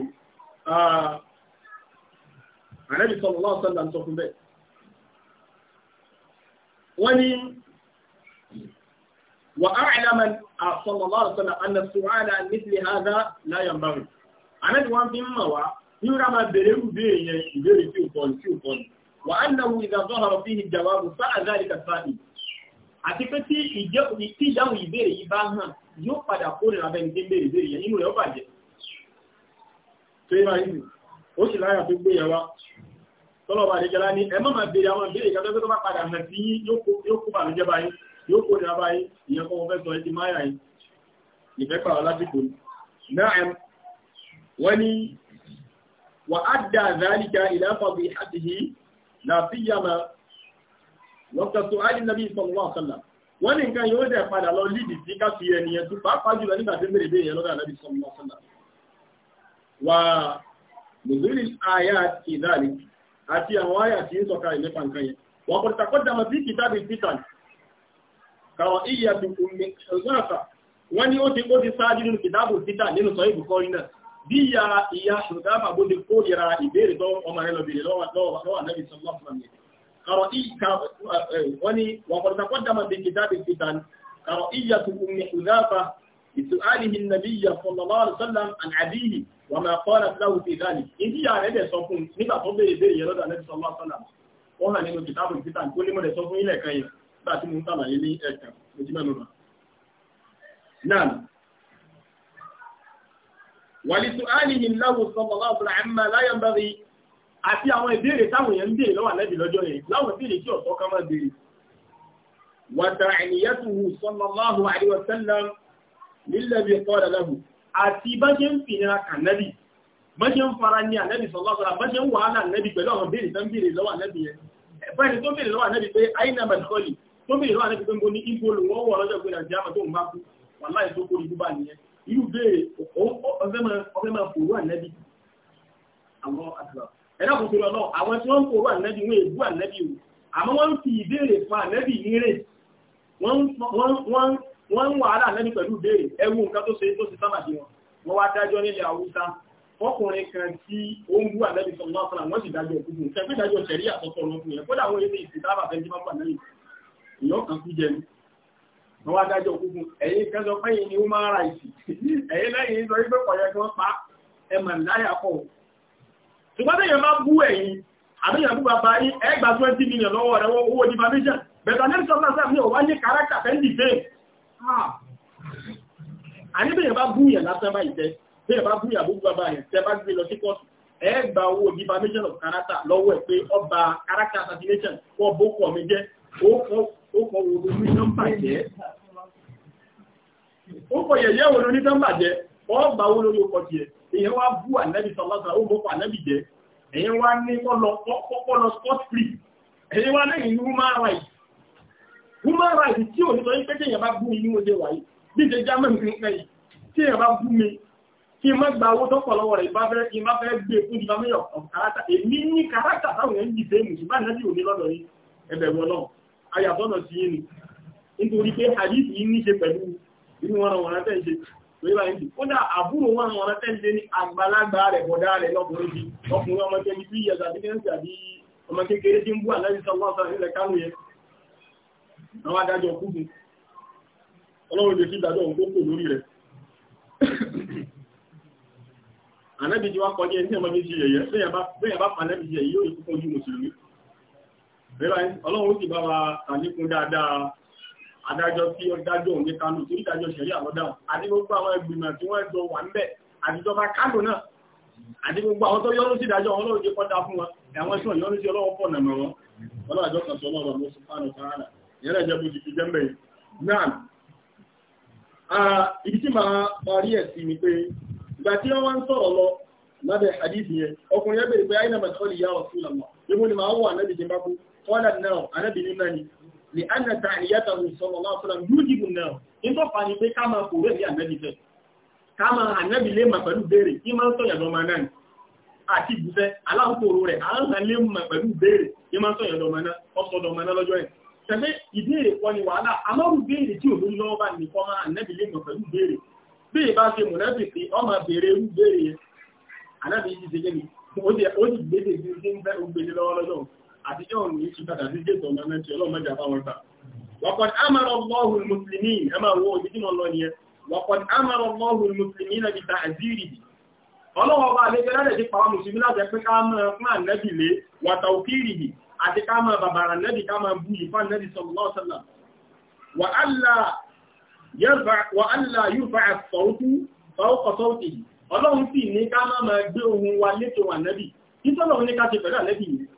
uh, ànábì sallallahu alaihi wasallam sọ fún bẹ́ẹ̀ wọ́n ní wà á àìlàmà sallallahu alaihi wasallam anna su'ala mithli hadha la yanbaghi ànábì wọn fi ń mọ̀ wá ní wúrà máa bèrè ìwé yẹn ìbéèrè tí ò tọ́ ní tí ò tọ́ ní wà á náwó ìdàgbọ́n àwọn fi ìjàwá rò sáà dáríkà sáà àti pé tí ìdáhùn ìbéèrè yìí bá hàn yóò padà kó nìra bẹni tí ń bèèrè bèèrè yẹn nínú rẹ̀ ó bàjẹ́ tó yẹ máa ń lù ó sì láyà tó gbé yẹn wá tọ́lọ́ba àdéjọlá ní ẹ̀mọ́ máa bèèrè àwọn ìbéèrè kan tó bá padà hàn sí yín yóò kó bàlújẹ́ báyìí yóò kó nìra báyìí ìyẹn kọ́ wọn fẹ́ sọ ẹtì máyà yìí ìfẹ́ pàrọ̀ lásìkò náà wọ́n ní wà á dà zálìkà ìlànà wọ́n ní nǹkan yóò dẹ̀ padà lọ lídì sí káfí ẹniyẹn tó pàápàá jùlọ nígbà tó bèrè bèrè lọ́dọ̀ ànábì sọ́mọ́ sọ́lá wà nùzúrí àyà ìdáàlì àti àwọn àyà tí ń sọ̀ka ìlẹ́pà nǹkan yẹn wọ́n kò tàkọ́ dàmọ́ sí kìtàbí títàn kàwọn ìyà tó kùnmí ọ̀sọ́nàfà wọ́n ní ó ti kó ti sáájú nínú kìtàbù títàn nínú sọ ìbùkọ́ iná bí ìyá ìyá ṣùgbọ́n àbúdé kó ìra ìbéèrè tó ọmọ rẹ lọ bèrè lọ́wọ́ ànábì sọ́mọ́ sọ́lá قرئيك وني وقد تقدم بكتاب الفتن قرئية أم حذافة بسؤاله النبي صلى الله عليه وسلم عن أبيه وما قالت له في ذلك إن هي عربة صفون نبا تنبي بيري يرد النبي صلى الله عليه وسلم وها نينو كتاب الفتن كل من صفون إلى كاين باتي منطلع إلي أكا مجمع نعم ولسؤاله له صلى الله عليه وسلم عما لا ينبغي àti àwọn ìbéèrè táwọn èèyàn ń béèrè lọ́wọ́ àlẹ́bì lọ́jọ́ yẹn láwọn ìbéèrè tí ọ̀tọ́ ká máa béèrè. wàtà ẹ̀nìyàtùhù sallallahu alaihi wa sallam nílẹ̀bí qala lahu àti bá ṣe ń fìyàn kànẹ́bì bá ṣe ń fara ní àlẹ́bì sallallahu bá ṣe ń wàhálà àlẹ́bì pẹ̀lú àwọn béèrè tó ń béèrè lọ́wọ́ àlẹ́bì yẹn báyìí tó béèrè lọ́wọ́ àlẹ́bì pé àyínà mẹ́tọ́lì tó béèrè lọ́wọ́ àlẹ́bì àwọn àgbà ẹ̀dá kò sọ̀rọ̀ náà àwọn tí wọ́n ń kóró ànẹ́bí wọn èbú ànẹ́bí o àmọ́ wọ́n ń fi ìbéèrè fún ànẹ́bí nírè wọ́n ń wàhálà ànẹ́bí pẹ̀lú ìbéèrè ẹwú nǹkan tó ṣe tó ṣe sábàdì wọn wọ́n wá dájọ́ nílẹ̀ Haúsá fọkùnrin kan tí ó ń bú ànẹ́bí sọ̀rọ̀ náà fúnra wọ́n sì dájọ́ òkúgbù nǹkan pé dájọ́ sẹ̀rí àtọ́tọ́ wọn fún yẹn kódà wọ́n yẹ ìsìn sábà fẹ́ jí máa pàdé ìyọ́ kan kú jẹnu wọ́n wá dájọ́ òkúgbù ẹ̀yìn kan sọ pé ẹ̀yìn ni human rights [laughs] ẹ̀yìn lẹ́yìn sọ pé kọ̀yẹ́ kan pa ẹ̀mọ̀ láyà pọ̀ ṣùgbọ́n tẹ́yàn bá bú ẹ̀yìn àbíyàn bú bàbá yí ẹgbà 20 million lọ́wọ́ rẹ̀ owó defamation bẹ̀tà ní sọ́nà sáà ní ọ̀wá ní káràkà fẹ́ndì fẹ́ àní bẹ̀yàn bá bú yẹn lásán bá ìtẹ́ bẹ̀yàn bá bú yà bú bàbá yẹn tẹ́ bá gbé lọ sí kọ́ọ̀tù ẹgbà owó defamation of character lọ́wọ́ ẹ̀ pé ọba character assassination wọ́n bó kọ̀ mi jẹ́ ó kọ̀ wo lórí nọ́mbà jẹ́ ó kọ̀ yẹ̀yẹ́ wo lórí nọ́mbà jẹ́ wọ́n gbà owó lórí ọkọ̀ tiẹ̀ èyàn wá bú ànábì sọlọ́sà ó mọ́kọ̀ ànábì jẹ́ èyàn wá ní kọ́lọ sport free èyàn wá lẹ́yìn human rights human rights tí ò ní sọ pé kéèyàn bá gún mi ní german fi ń tí èyàn bá gba owó lọ́wọ́ rẹ̀ ìbá fẹ́ kí má fẹ́ gbé e fún èmi ní táwọn lọ́dọ̀ yìí wọn náà nítorí pé Kódà àbúrò wọn àwọn ọ̀rẹ́tẹ́lẹ́ ní àgbàlagbà rẹ̀ bọ̀dá rẹ̀ lọ́kùnrin bí ọkùnrin ọmọ tẹ́lẹ̀ bí ìyẹ̀ tàbí kẹ́ńsì àbí ọmọ kékeré tí ń bú àlẹ́bí sọ́gbọ́nsọ̀ nílẹ̀ kánú yẹn. Àwọn adájọ́ kúgbù. Ọlọ́run lè fi ìdájọ́ òun kókò lórí rẹ̀. Ànẹ́bí ti wá kọjá ẹni tí ọmọ méjì yẹ̀yẹ́ bẹ́yàn bá pa ànẹ́bí yẹ̀yẹ́ yóò ikú fún ojú mùsùlùmí. Ọlọ́run ó sì bá wa tàníkún dáadáa adájọ́ tí ó dájọ́ òun ní Kánò tí ìdájọ́ ṣẹ̀rí àlọ́dáhùn àti gbogbo àwọn ìgbìmọ̀ tí wọ́n jọ wà ń bẹ̀ àtijọba Kánò náà àti gbogbo àwọn tó yọ́nú sí ìdájọ́ wọn lóòjẹ́ kọ́dá fún wọn ẹ̀wọ̀n sùn yọ́nú sí ọlọ́wọ́ pọ̀ nàmọ̀ wọn ọlọ́jọ́ kan sọ́nà ọ̀rọ̀ lóṣù fánà tààrà yẹ́rẹ̀ jẹ́ bó ti fi ni pé ìgbà tí wọ́n ń sọ̀rọ̀ lọ lábẹ́ hadith yẹn ọkùnrin ẹgbẹ́ ìgbé ayé náà mẹ́tọ́lì yá ọ̀sùn làmọ̀ lè ánà ta ìyàtọ̀ ìsọ̀rọ̀ náà sọ́lá yóò dìbò náà nígbà fani pé ká máa kòrò ní ànábì fẹ́ ká máa ànábì lè mà pẹ̀lú béèrè kí máa ń sọ̀yàn lọ́mọ náà àti ìbùfẹ́ aláǹkóró rẹ̀ aláǹkà lè mà pẹ̀lú béèrè kí máa ń sọ̀yàn lọ́mọ náà ọ̀sọ̀ lọ́mọ náà lọ́jọ́ yẹn tẹ̀lé ìbéèrè ni wàhálà amọ́rù béèrè tí òun àtijọ́ òní ti padà sí jẹ́ ìtọ̀nà mẹ́tì ọlọ́mọdé àbáwọn ta wọ́pọ̀n amara Allahu al-muslimin ẹ máa wọ òbí tí wọ́n lọ nìyẹn wọ́pọ̀n amara Allahu al-muslimin náà bí ta àzírí ọlọ́wọ́ bá àlejò láti ti pàwọn mùsùlùmí láti pé ká máa fún ànẹ́bì lé wàtà òkìrì yìí àti ká máa bàbàrà nẹ́bì ká máa bú ìfà nẹ́bì sallallahu alaihi wasallam wa alla yarfa'a as-sawtu fawqa sawtihi ọlọ́run sì ní ká máa gbé ohun wa létò ànẹ́bì títọ́lọ́run ní ká ti pẹ̀lú ànẹ́bì yìí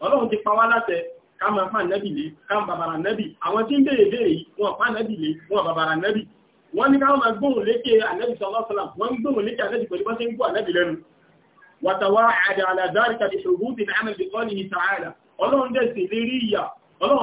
ọlọ́run ti pa wá láṣẹ ká máa pa nẹ́bì lé ká máa bàbàrà nẹ́bì àwọn tí ń béèrè béèrè yìí wọn pa nẹ́bì lé wọn bàbàrà nẹ́bì wọ́n ní káwọn máa gbóhùn lékè ànẹ́bì sọ́lọ́sọ́lá wọ́n ń gbóhùn lékè ànẹ́bì pẹ̀lú bọ́sẹ̀ ń gbó ànẹ́bì lẹ́nu wàtàwà àdà àlàdáàrí kàdé ṣògbó ti dáhàmì bí kọ́ ní ìtàhálà ọlọ́run dẹ̀ sì lérí ìyà ọlọ́run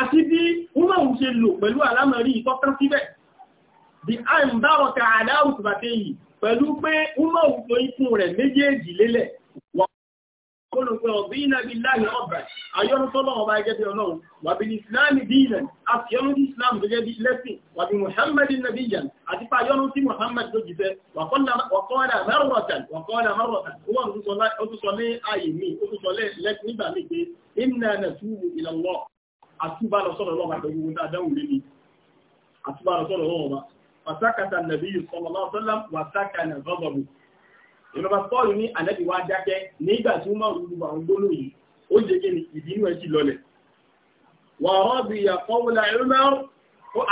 àti bí wọ́n ṣe lò pẹ̀lú alámọ̀rí ìtọ́kán síbẹ̀ bí a ń bá ọ̀tà aláwùsù bàtẹ́ yìí pẹ̀lú pé wọ́n tó ikún rẹ̀ méjèèjì lélẹ̀ wọ́n olùgbé ọ̀bí iná àtúbà lọ sọ́dọ̀ lọ́wọ́ àtọ́jú wọn dáadáa lé ní àtúbà lọ sọ́dọ̀ lọ́wọ́ wa pàtàkàtà nàbí sallallahu alaihi wasallam wàtàkà nà gọ́gọ̀bù ìrọ̀bà pọ́ọ̀lù ní ànábì wa dákẹ́ nígbà tí wọ́n máa ń lu àwọn gbóló yìí ó jẹ́ kí ni ìbínú ẹ̀ sì lọlẹ̀ wà rọ́bì àkọ́wọ́lá Umar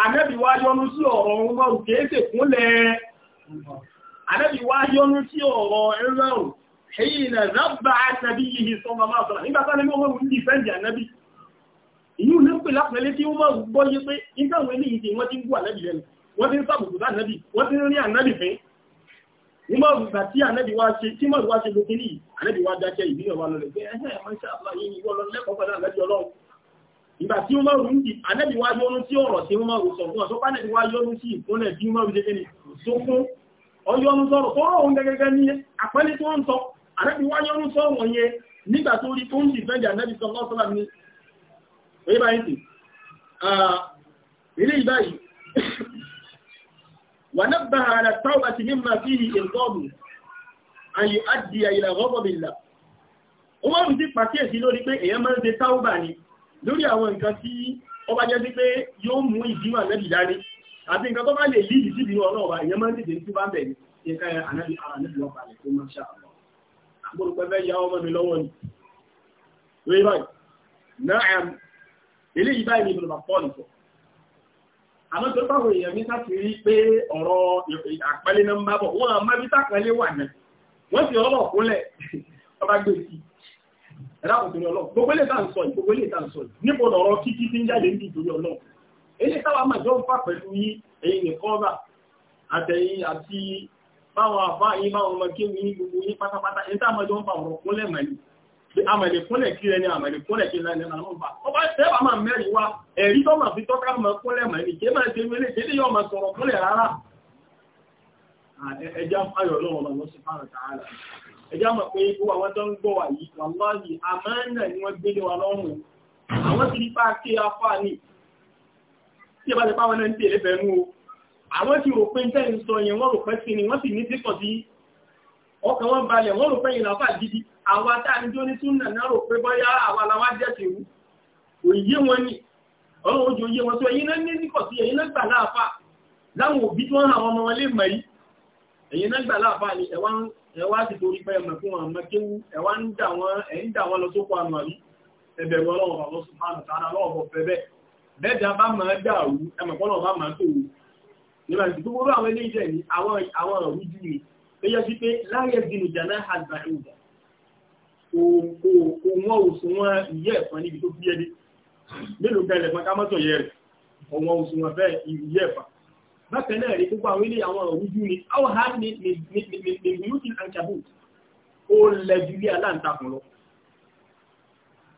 ànábì wa yọnu sí ọ̀rọ̀ Umar kéèké kúnlẹ̀ ànábì pè lápẹ̀lẹ́ tí wọ́n máa gbọ́ yé pé nígbà wọn eléyìí tí wọ́n ti ń gbọ́ ànábì lẹ́nu wọ́n ti ń sàbùkù sí ànábì wọ́n ti ń rí ànábì fín ní máa gbà tí ànábì wá ṣe tí máa wá ṣe lókè ní ànábì wá dákẹ́ ìbílẹ̀ wa lọlẹ̀ pé ẹ̀hẹ́ máa ń ṣàbà yín ìwọ lọ lẹ́kọ̀ọ́ padà ànábì ọlọ́run ìgbà tí wọ́n máa rú ní ànábì tó ń sọ ànábì wá yọ́nú sọ̀rọ̀ yẹn nígbà tó rí tó ń sì fẹ́ èyí báyìí tì ilé ìbáyìí wà náà bá ara táwọn àti mímọ̀ sí ìgbọ́ọ̀bù àyè àdì àyìlà rọ́bọ̀bìlà ó wọ́n rùn sí pàkíyèsí lórí pé èyàn máa ń ṣe táwọ́bà ni lórí àwọn nǹkan tí ó bá jẹ́ sí pé yóò mú ìdíwà lẹ́bì dání àti nǹkan tó bá lè lídì sí ìbínú ọlọ́ọ̀bà èyàn máa ń dìde tí bá ń bẹ̀rẹ̀ nǹkan ànábì ara níbi ọba rẹ̀ tó máa ṣàlọ́ àgbọ̀rùpẹ́ fẹ́ ya ọmọ mi lọ́wọ́ ni lórí báyìí náà eléyìí báyìí ni bùnà pọ́ọ̀lù sọ àmọ́ tó báwo èèyàn ní sáti rí pé ọ̀rọ̀ àpẹẹlẹ náà ń bá bọ̀ wọ́n àmọ́ ibi tàpẹẹlẹ wà náà wọ́n sì ọlọ́ kúnlẹ̀ [laughs] ọba gbé sí ẹ̀dá kò torí ọlọ́ọ̀ gbogbo ilé tá ń sọ yìí gbogbo ilé tá ń sọ yìí níbo lọ̀rọ̀ kíkí tí ń jáde ń bí torí ọlọ́ọ̀ ilé táwa máa jọ ń fà pẹ̀lú yí èyí nìkan rà àtẹ̀yìn àti báwọn àfáà yìí báwọn ọmọ kéwì gbogbo yín pátápátá àmàlè kúnlẹ̀ kí ẹni àmàlè kúnlẹ̀ kí lẹ́ni àlọ́gbà ọba tẹ́wà máa mẹ́rin wá ẹ̀rí tó máa fi tọ́ka mọ́ kúnlẹ̀ mọ́ ẹni kí máa ṣe wílé kí ní yọ máa sọ̀rọ̀ kúnlẹ̀ rárá ẹjá fáyọ̀ lọ́wọ́ lọ́wọ́ sí fáwọn tààlà ẹjá mọ̀ pé ikú àwọn tó ń gbọ́ wà yìí wàláhì àmánà ni wọ́n gbé wa lọ́rùn àwọn ti rípa kí afá ní tí ẹ bá ti páwọn náà ń tèlé fẹ́nu o àwọn ti rò pé ń tẹ́yìn sọ yẹn wọ́n rò pẹ́ sí ni wọ́n sì ní sí pọ̀ sí ọkàn wọn balẹ̀ wọ́n rò pẹ́yìn làfà gidi àwọn atáàmìjó ní súnà náà rò pé bọ́yá àwọn jẹ́ ti òyíyé wọn ni ọlọ́run ojú oyé wọn tó ẹ̀yin náà ní níkọ̀ sí ẹ̀yin náà gbà láàfà láwọn òbí tí wọ́n àwọn ọmọ wọn lè mọ̀ yìí ẹ̀yin náà gbà ni ẹ̀wá ti torí pé ẹ̀mọ̀ fún wọn mọ́kéwú ẹ̀wá ń dà wọn lọ sókò àmọ̀ rí ẹbẹ̀rù ọlọ́run bàbá sùmánù tààrà lọ́wọ́ bẹ̀bẹ̀ bẹ́ẹ̀dá bá máa ni tó yẹ sí pé láyé zinù jẹ́ náà àgbà ìwà òun òṣùwọ̀n ìyẹ́ ẹ̀fọn níbi tó fi ẹdí mélòó gẹ́lẹ̀ fún akámọ́tò yẹ rẹ̀ ọ̀wọ̀n òṣùwọ̀n bẹ́ẹ̀ ìyẹ́ ẹ̀fà bákan náà rí gbogbo àwọn ilé àwọn òrújú ni àwọn ha ní nìbùyúkì àǹkàbù ó lẹ́jú lé aláǹtakùn lọ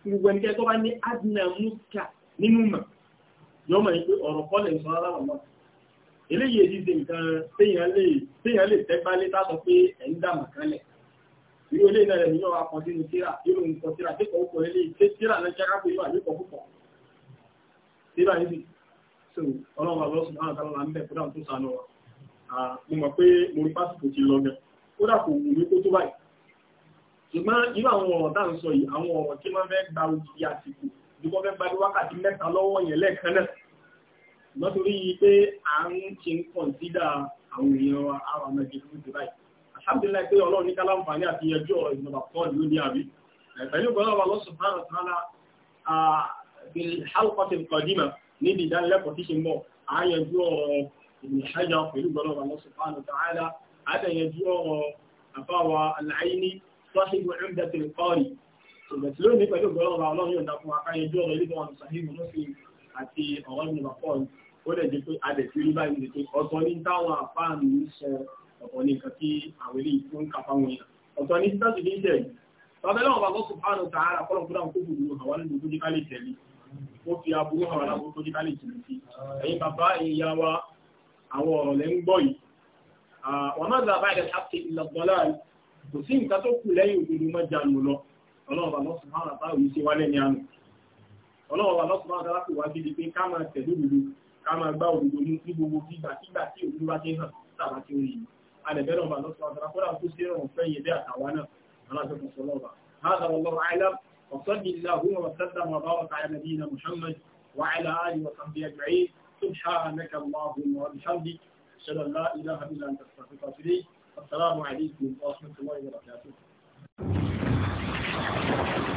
gbogbo ẹnikẹ́ tó bá ní adìnà múkà nínú mọ̀ yọ mọ̀ pé ọ̀rọ̀ kọ́lẹ̀ ń sọ aláwọ̀ náà eléyìí èdè ìlú olè náà rẹ̀ níyọ̀ akọ̀ sínú tíra yóò ń kọ tíra dípò ó kọ ilé ṣé tíra lẹ́jẹ́ kápẹ́ yóò àyíkọ̀ púpọ̀ tíra yìí sì so ọlọ́run bàbá ọ̀sùn náà tálọ́lá ń bẹ̀ kó dáhùn tó sànù wa mo mọ̀ pé mo rí pásítọ̀ ti lọ gan kó dà kò wù mí kó tó báyìí ṣùgbọ́n irú àwọn ọ̀rọ̀ tá à ń sọ yìí àwọn ọ̀rọ̀ tí wọ́n fẹ́ gba òjì àsìkò bí wọ́n fẹ́ gba bí wákàtí mẹ́ta lọ́wọ́ yẹn lẹ́ẹ̀kan náà lọ́tòrí pé à ń ṣe ń kọ̀ǹsídà àwọn èèyàn wa àwọn ọmọ ìgbésí báyìí alhamdulillah pé ọlọ́run ní kálá nfààní àti yẹjú ọ̀rọ̀ ìjọba fọ́ọ̀lù lórí àbí pẹ̀lú ìgbọ́nà wà lọ́sùn fáàrọ̀ tánà alkọ́tì kọ̀dímà níbi ìdánilẹ́kọ̀ọ́ tí ṣe ń bọ̀ àyẹjú ọ̀rọ̀ ìmìṣẹ́jà pẹ̀lú ìgbọ́nà wà lọ́sùn fáàrọ̀ tánà àtẹ̀yẹjú ọ̀rọ̀ àbáwa aláìní sọ́ṣìbù ẹ̀mdẹ̀tì kọ́rì ṣùgbẹ̀tì lónìí pẹ̀lú ìgbọ́nà wà lọ́run yóò dákun àkáyẹjú ọ̀rọ̀ ilé ìgbọ́nà sàhíhù lọ́sìn àti ọ̀rọ̀ ìgbọ́nà kọ́rì ó lẹ̀ jẹ́ pé adẹ̀ tí rí báyìí ọ̀pọ̀ ní nǹkan tí àwọn ilé ìfún ń kàfà wọn yàn ọ̀tọ̀ ní títà sí ní ìṣẹ̀ yìí bàbá ẹlọ́wọ̀n bàbá subhanahu ta'ala kọ́lọ̀ kúrò àwọn kókò gbogbo àwọn nínú tó díkà lè tẹ̀lé ó fi aburú àwọn aláwọ̀ tó díkà lè jìnà sí ẹ̀yin bàbá ìyá wa àwọn ọ̀rọ̀ lẹ́ ń gbọ́ yìí wọ́n má gbà báyìí láti ìlọ̀gbọ́lá kò sí nǹkan tó kù lẹ́yìn òdodo má jánu lọ ọlọ́wọ̀n bàbá subhanahu ta'ala yìí ṣe wá lẹ́ni àná ọlọ́wọ̀n bàbá subhanahu ta'ala kò wá gidi pé ká máa tẹ̀lé òdodo ká máa gbá òdodo ní gbogbo kígbà kígbà tí òdodo bá ti hàn sábà tí ó yìí alẹ́bẹ̀rẹ̀ ọba lọ́sọ̀ àtàrà kó dàkú sí ìrọ̀rùn fẹ́ yẹ bí àtàwọn náà aláṣẹ́kùn sọ lọ́ba هذا والله أعلم وصلى الله وسلم وبارك على نبينا محمد وعلى آله وصحبه أجمعين سبحانك اللهم وبحمدك أشهد أن لا إله إلا أنت أستغفرك وأتوب إليك السلام عليكم ورحمة الله وبركاته Thank you.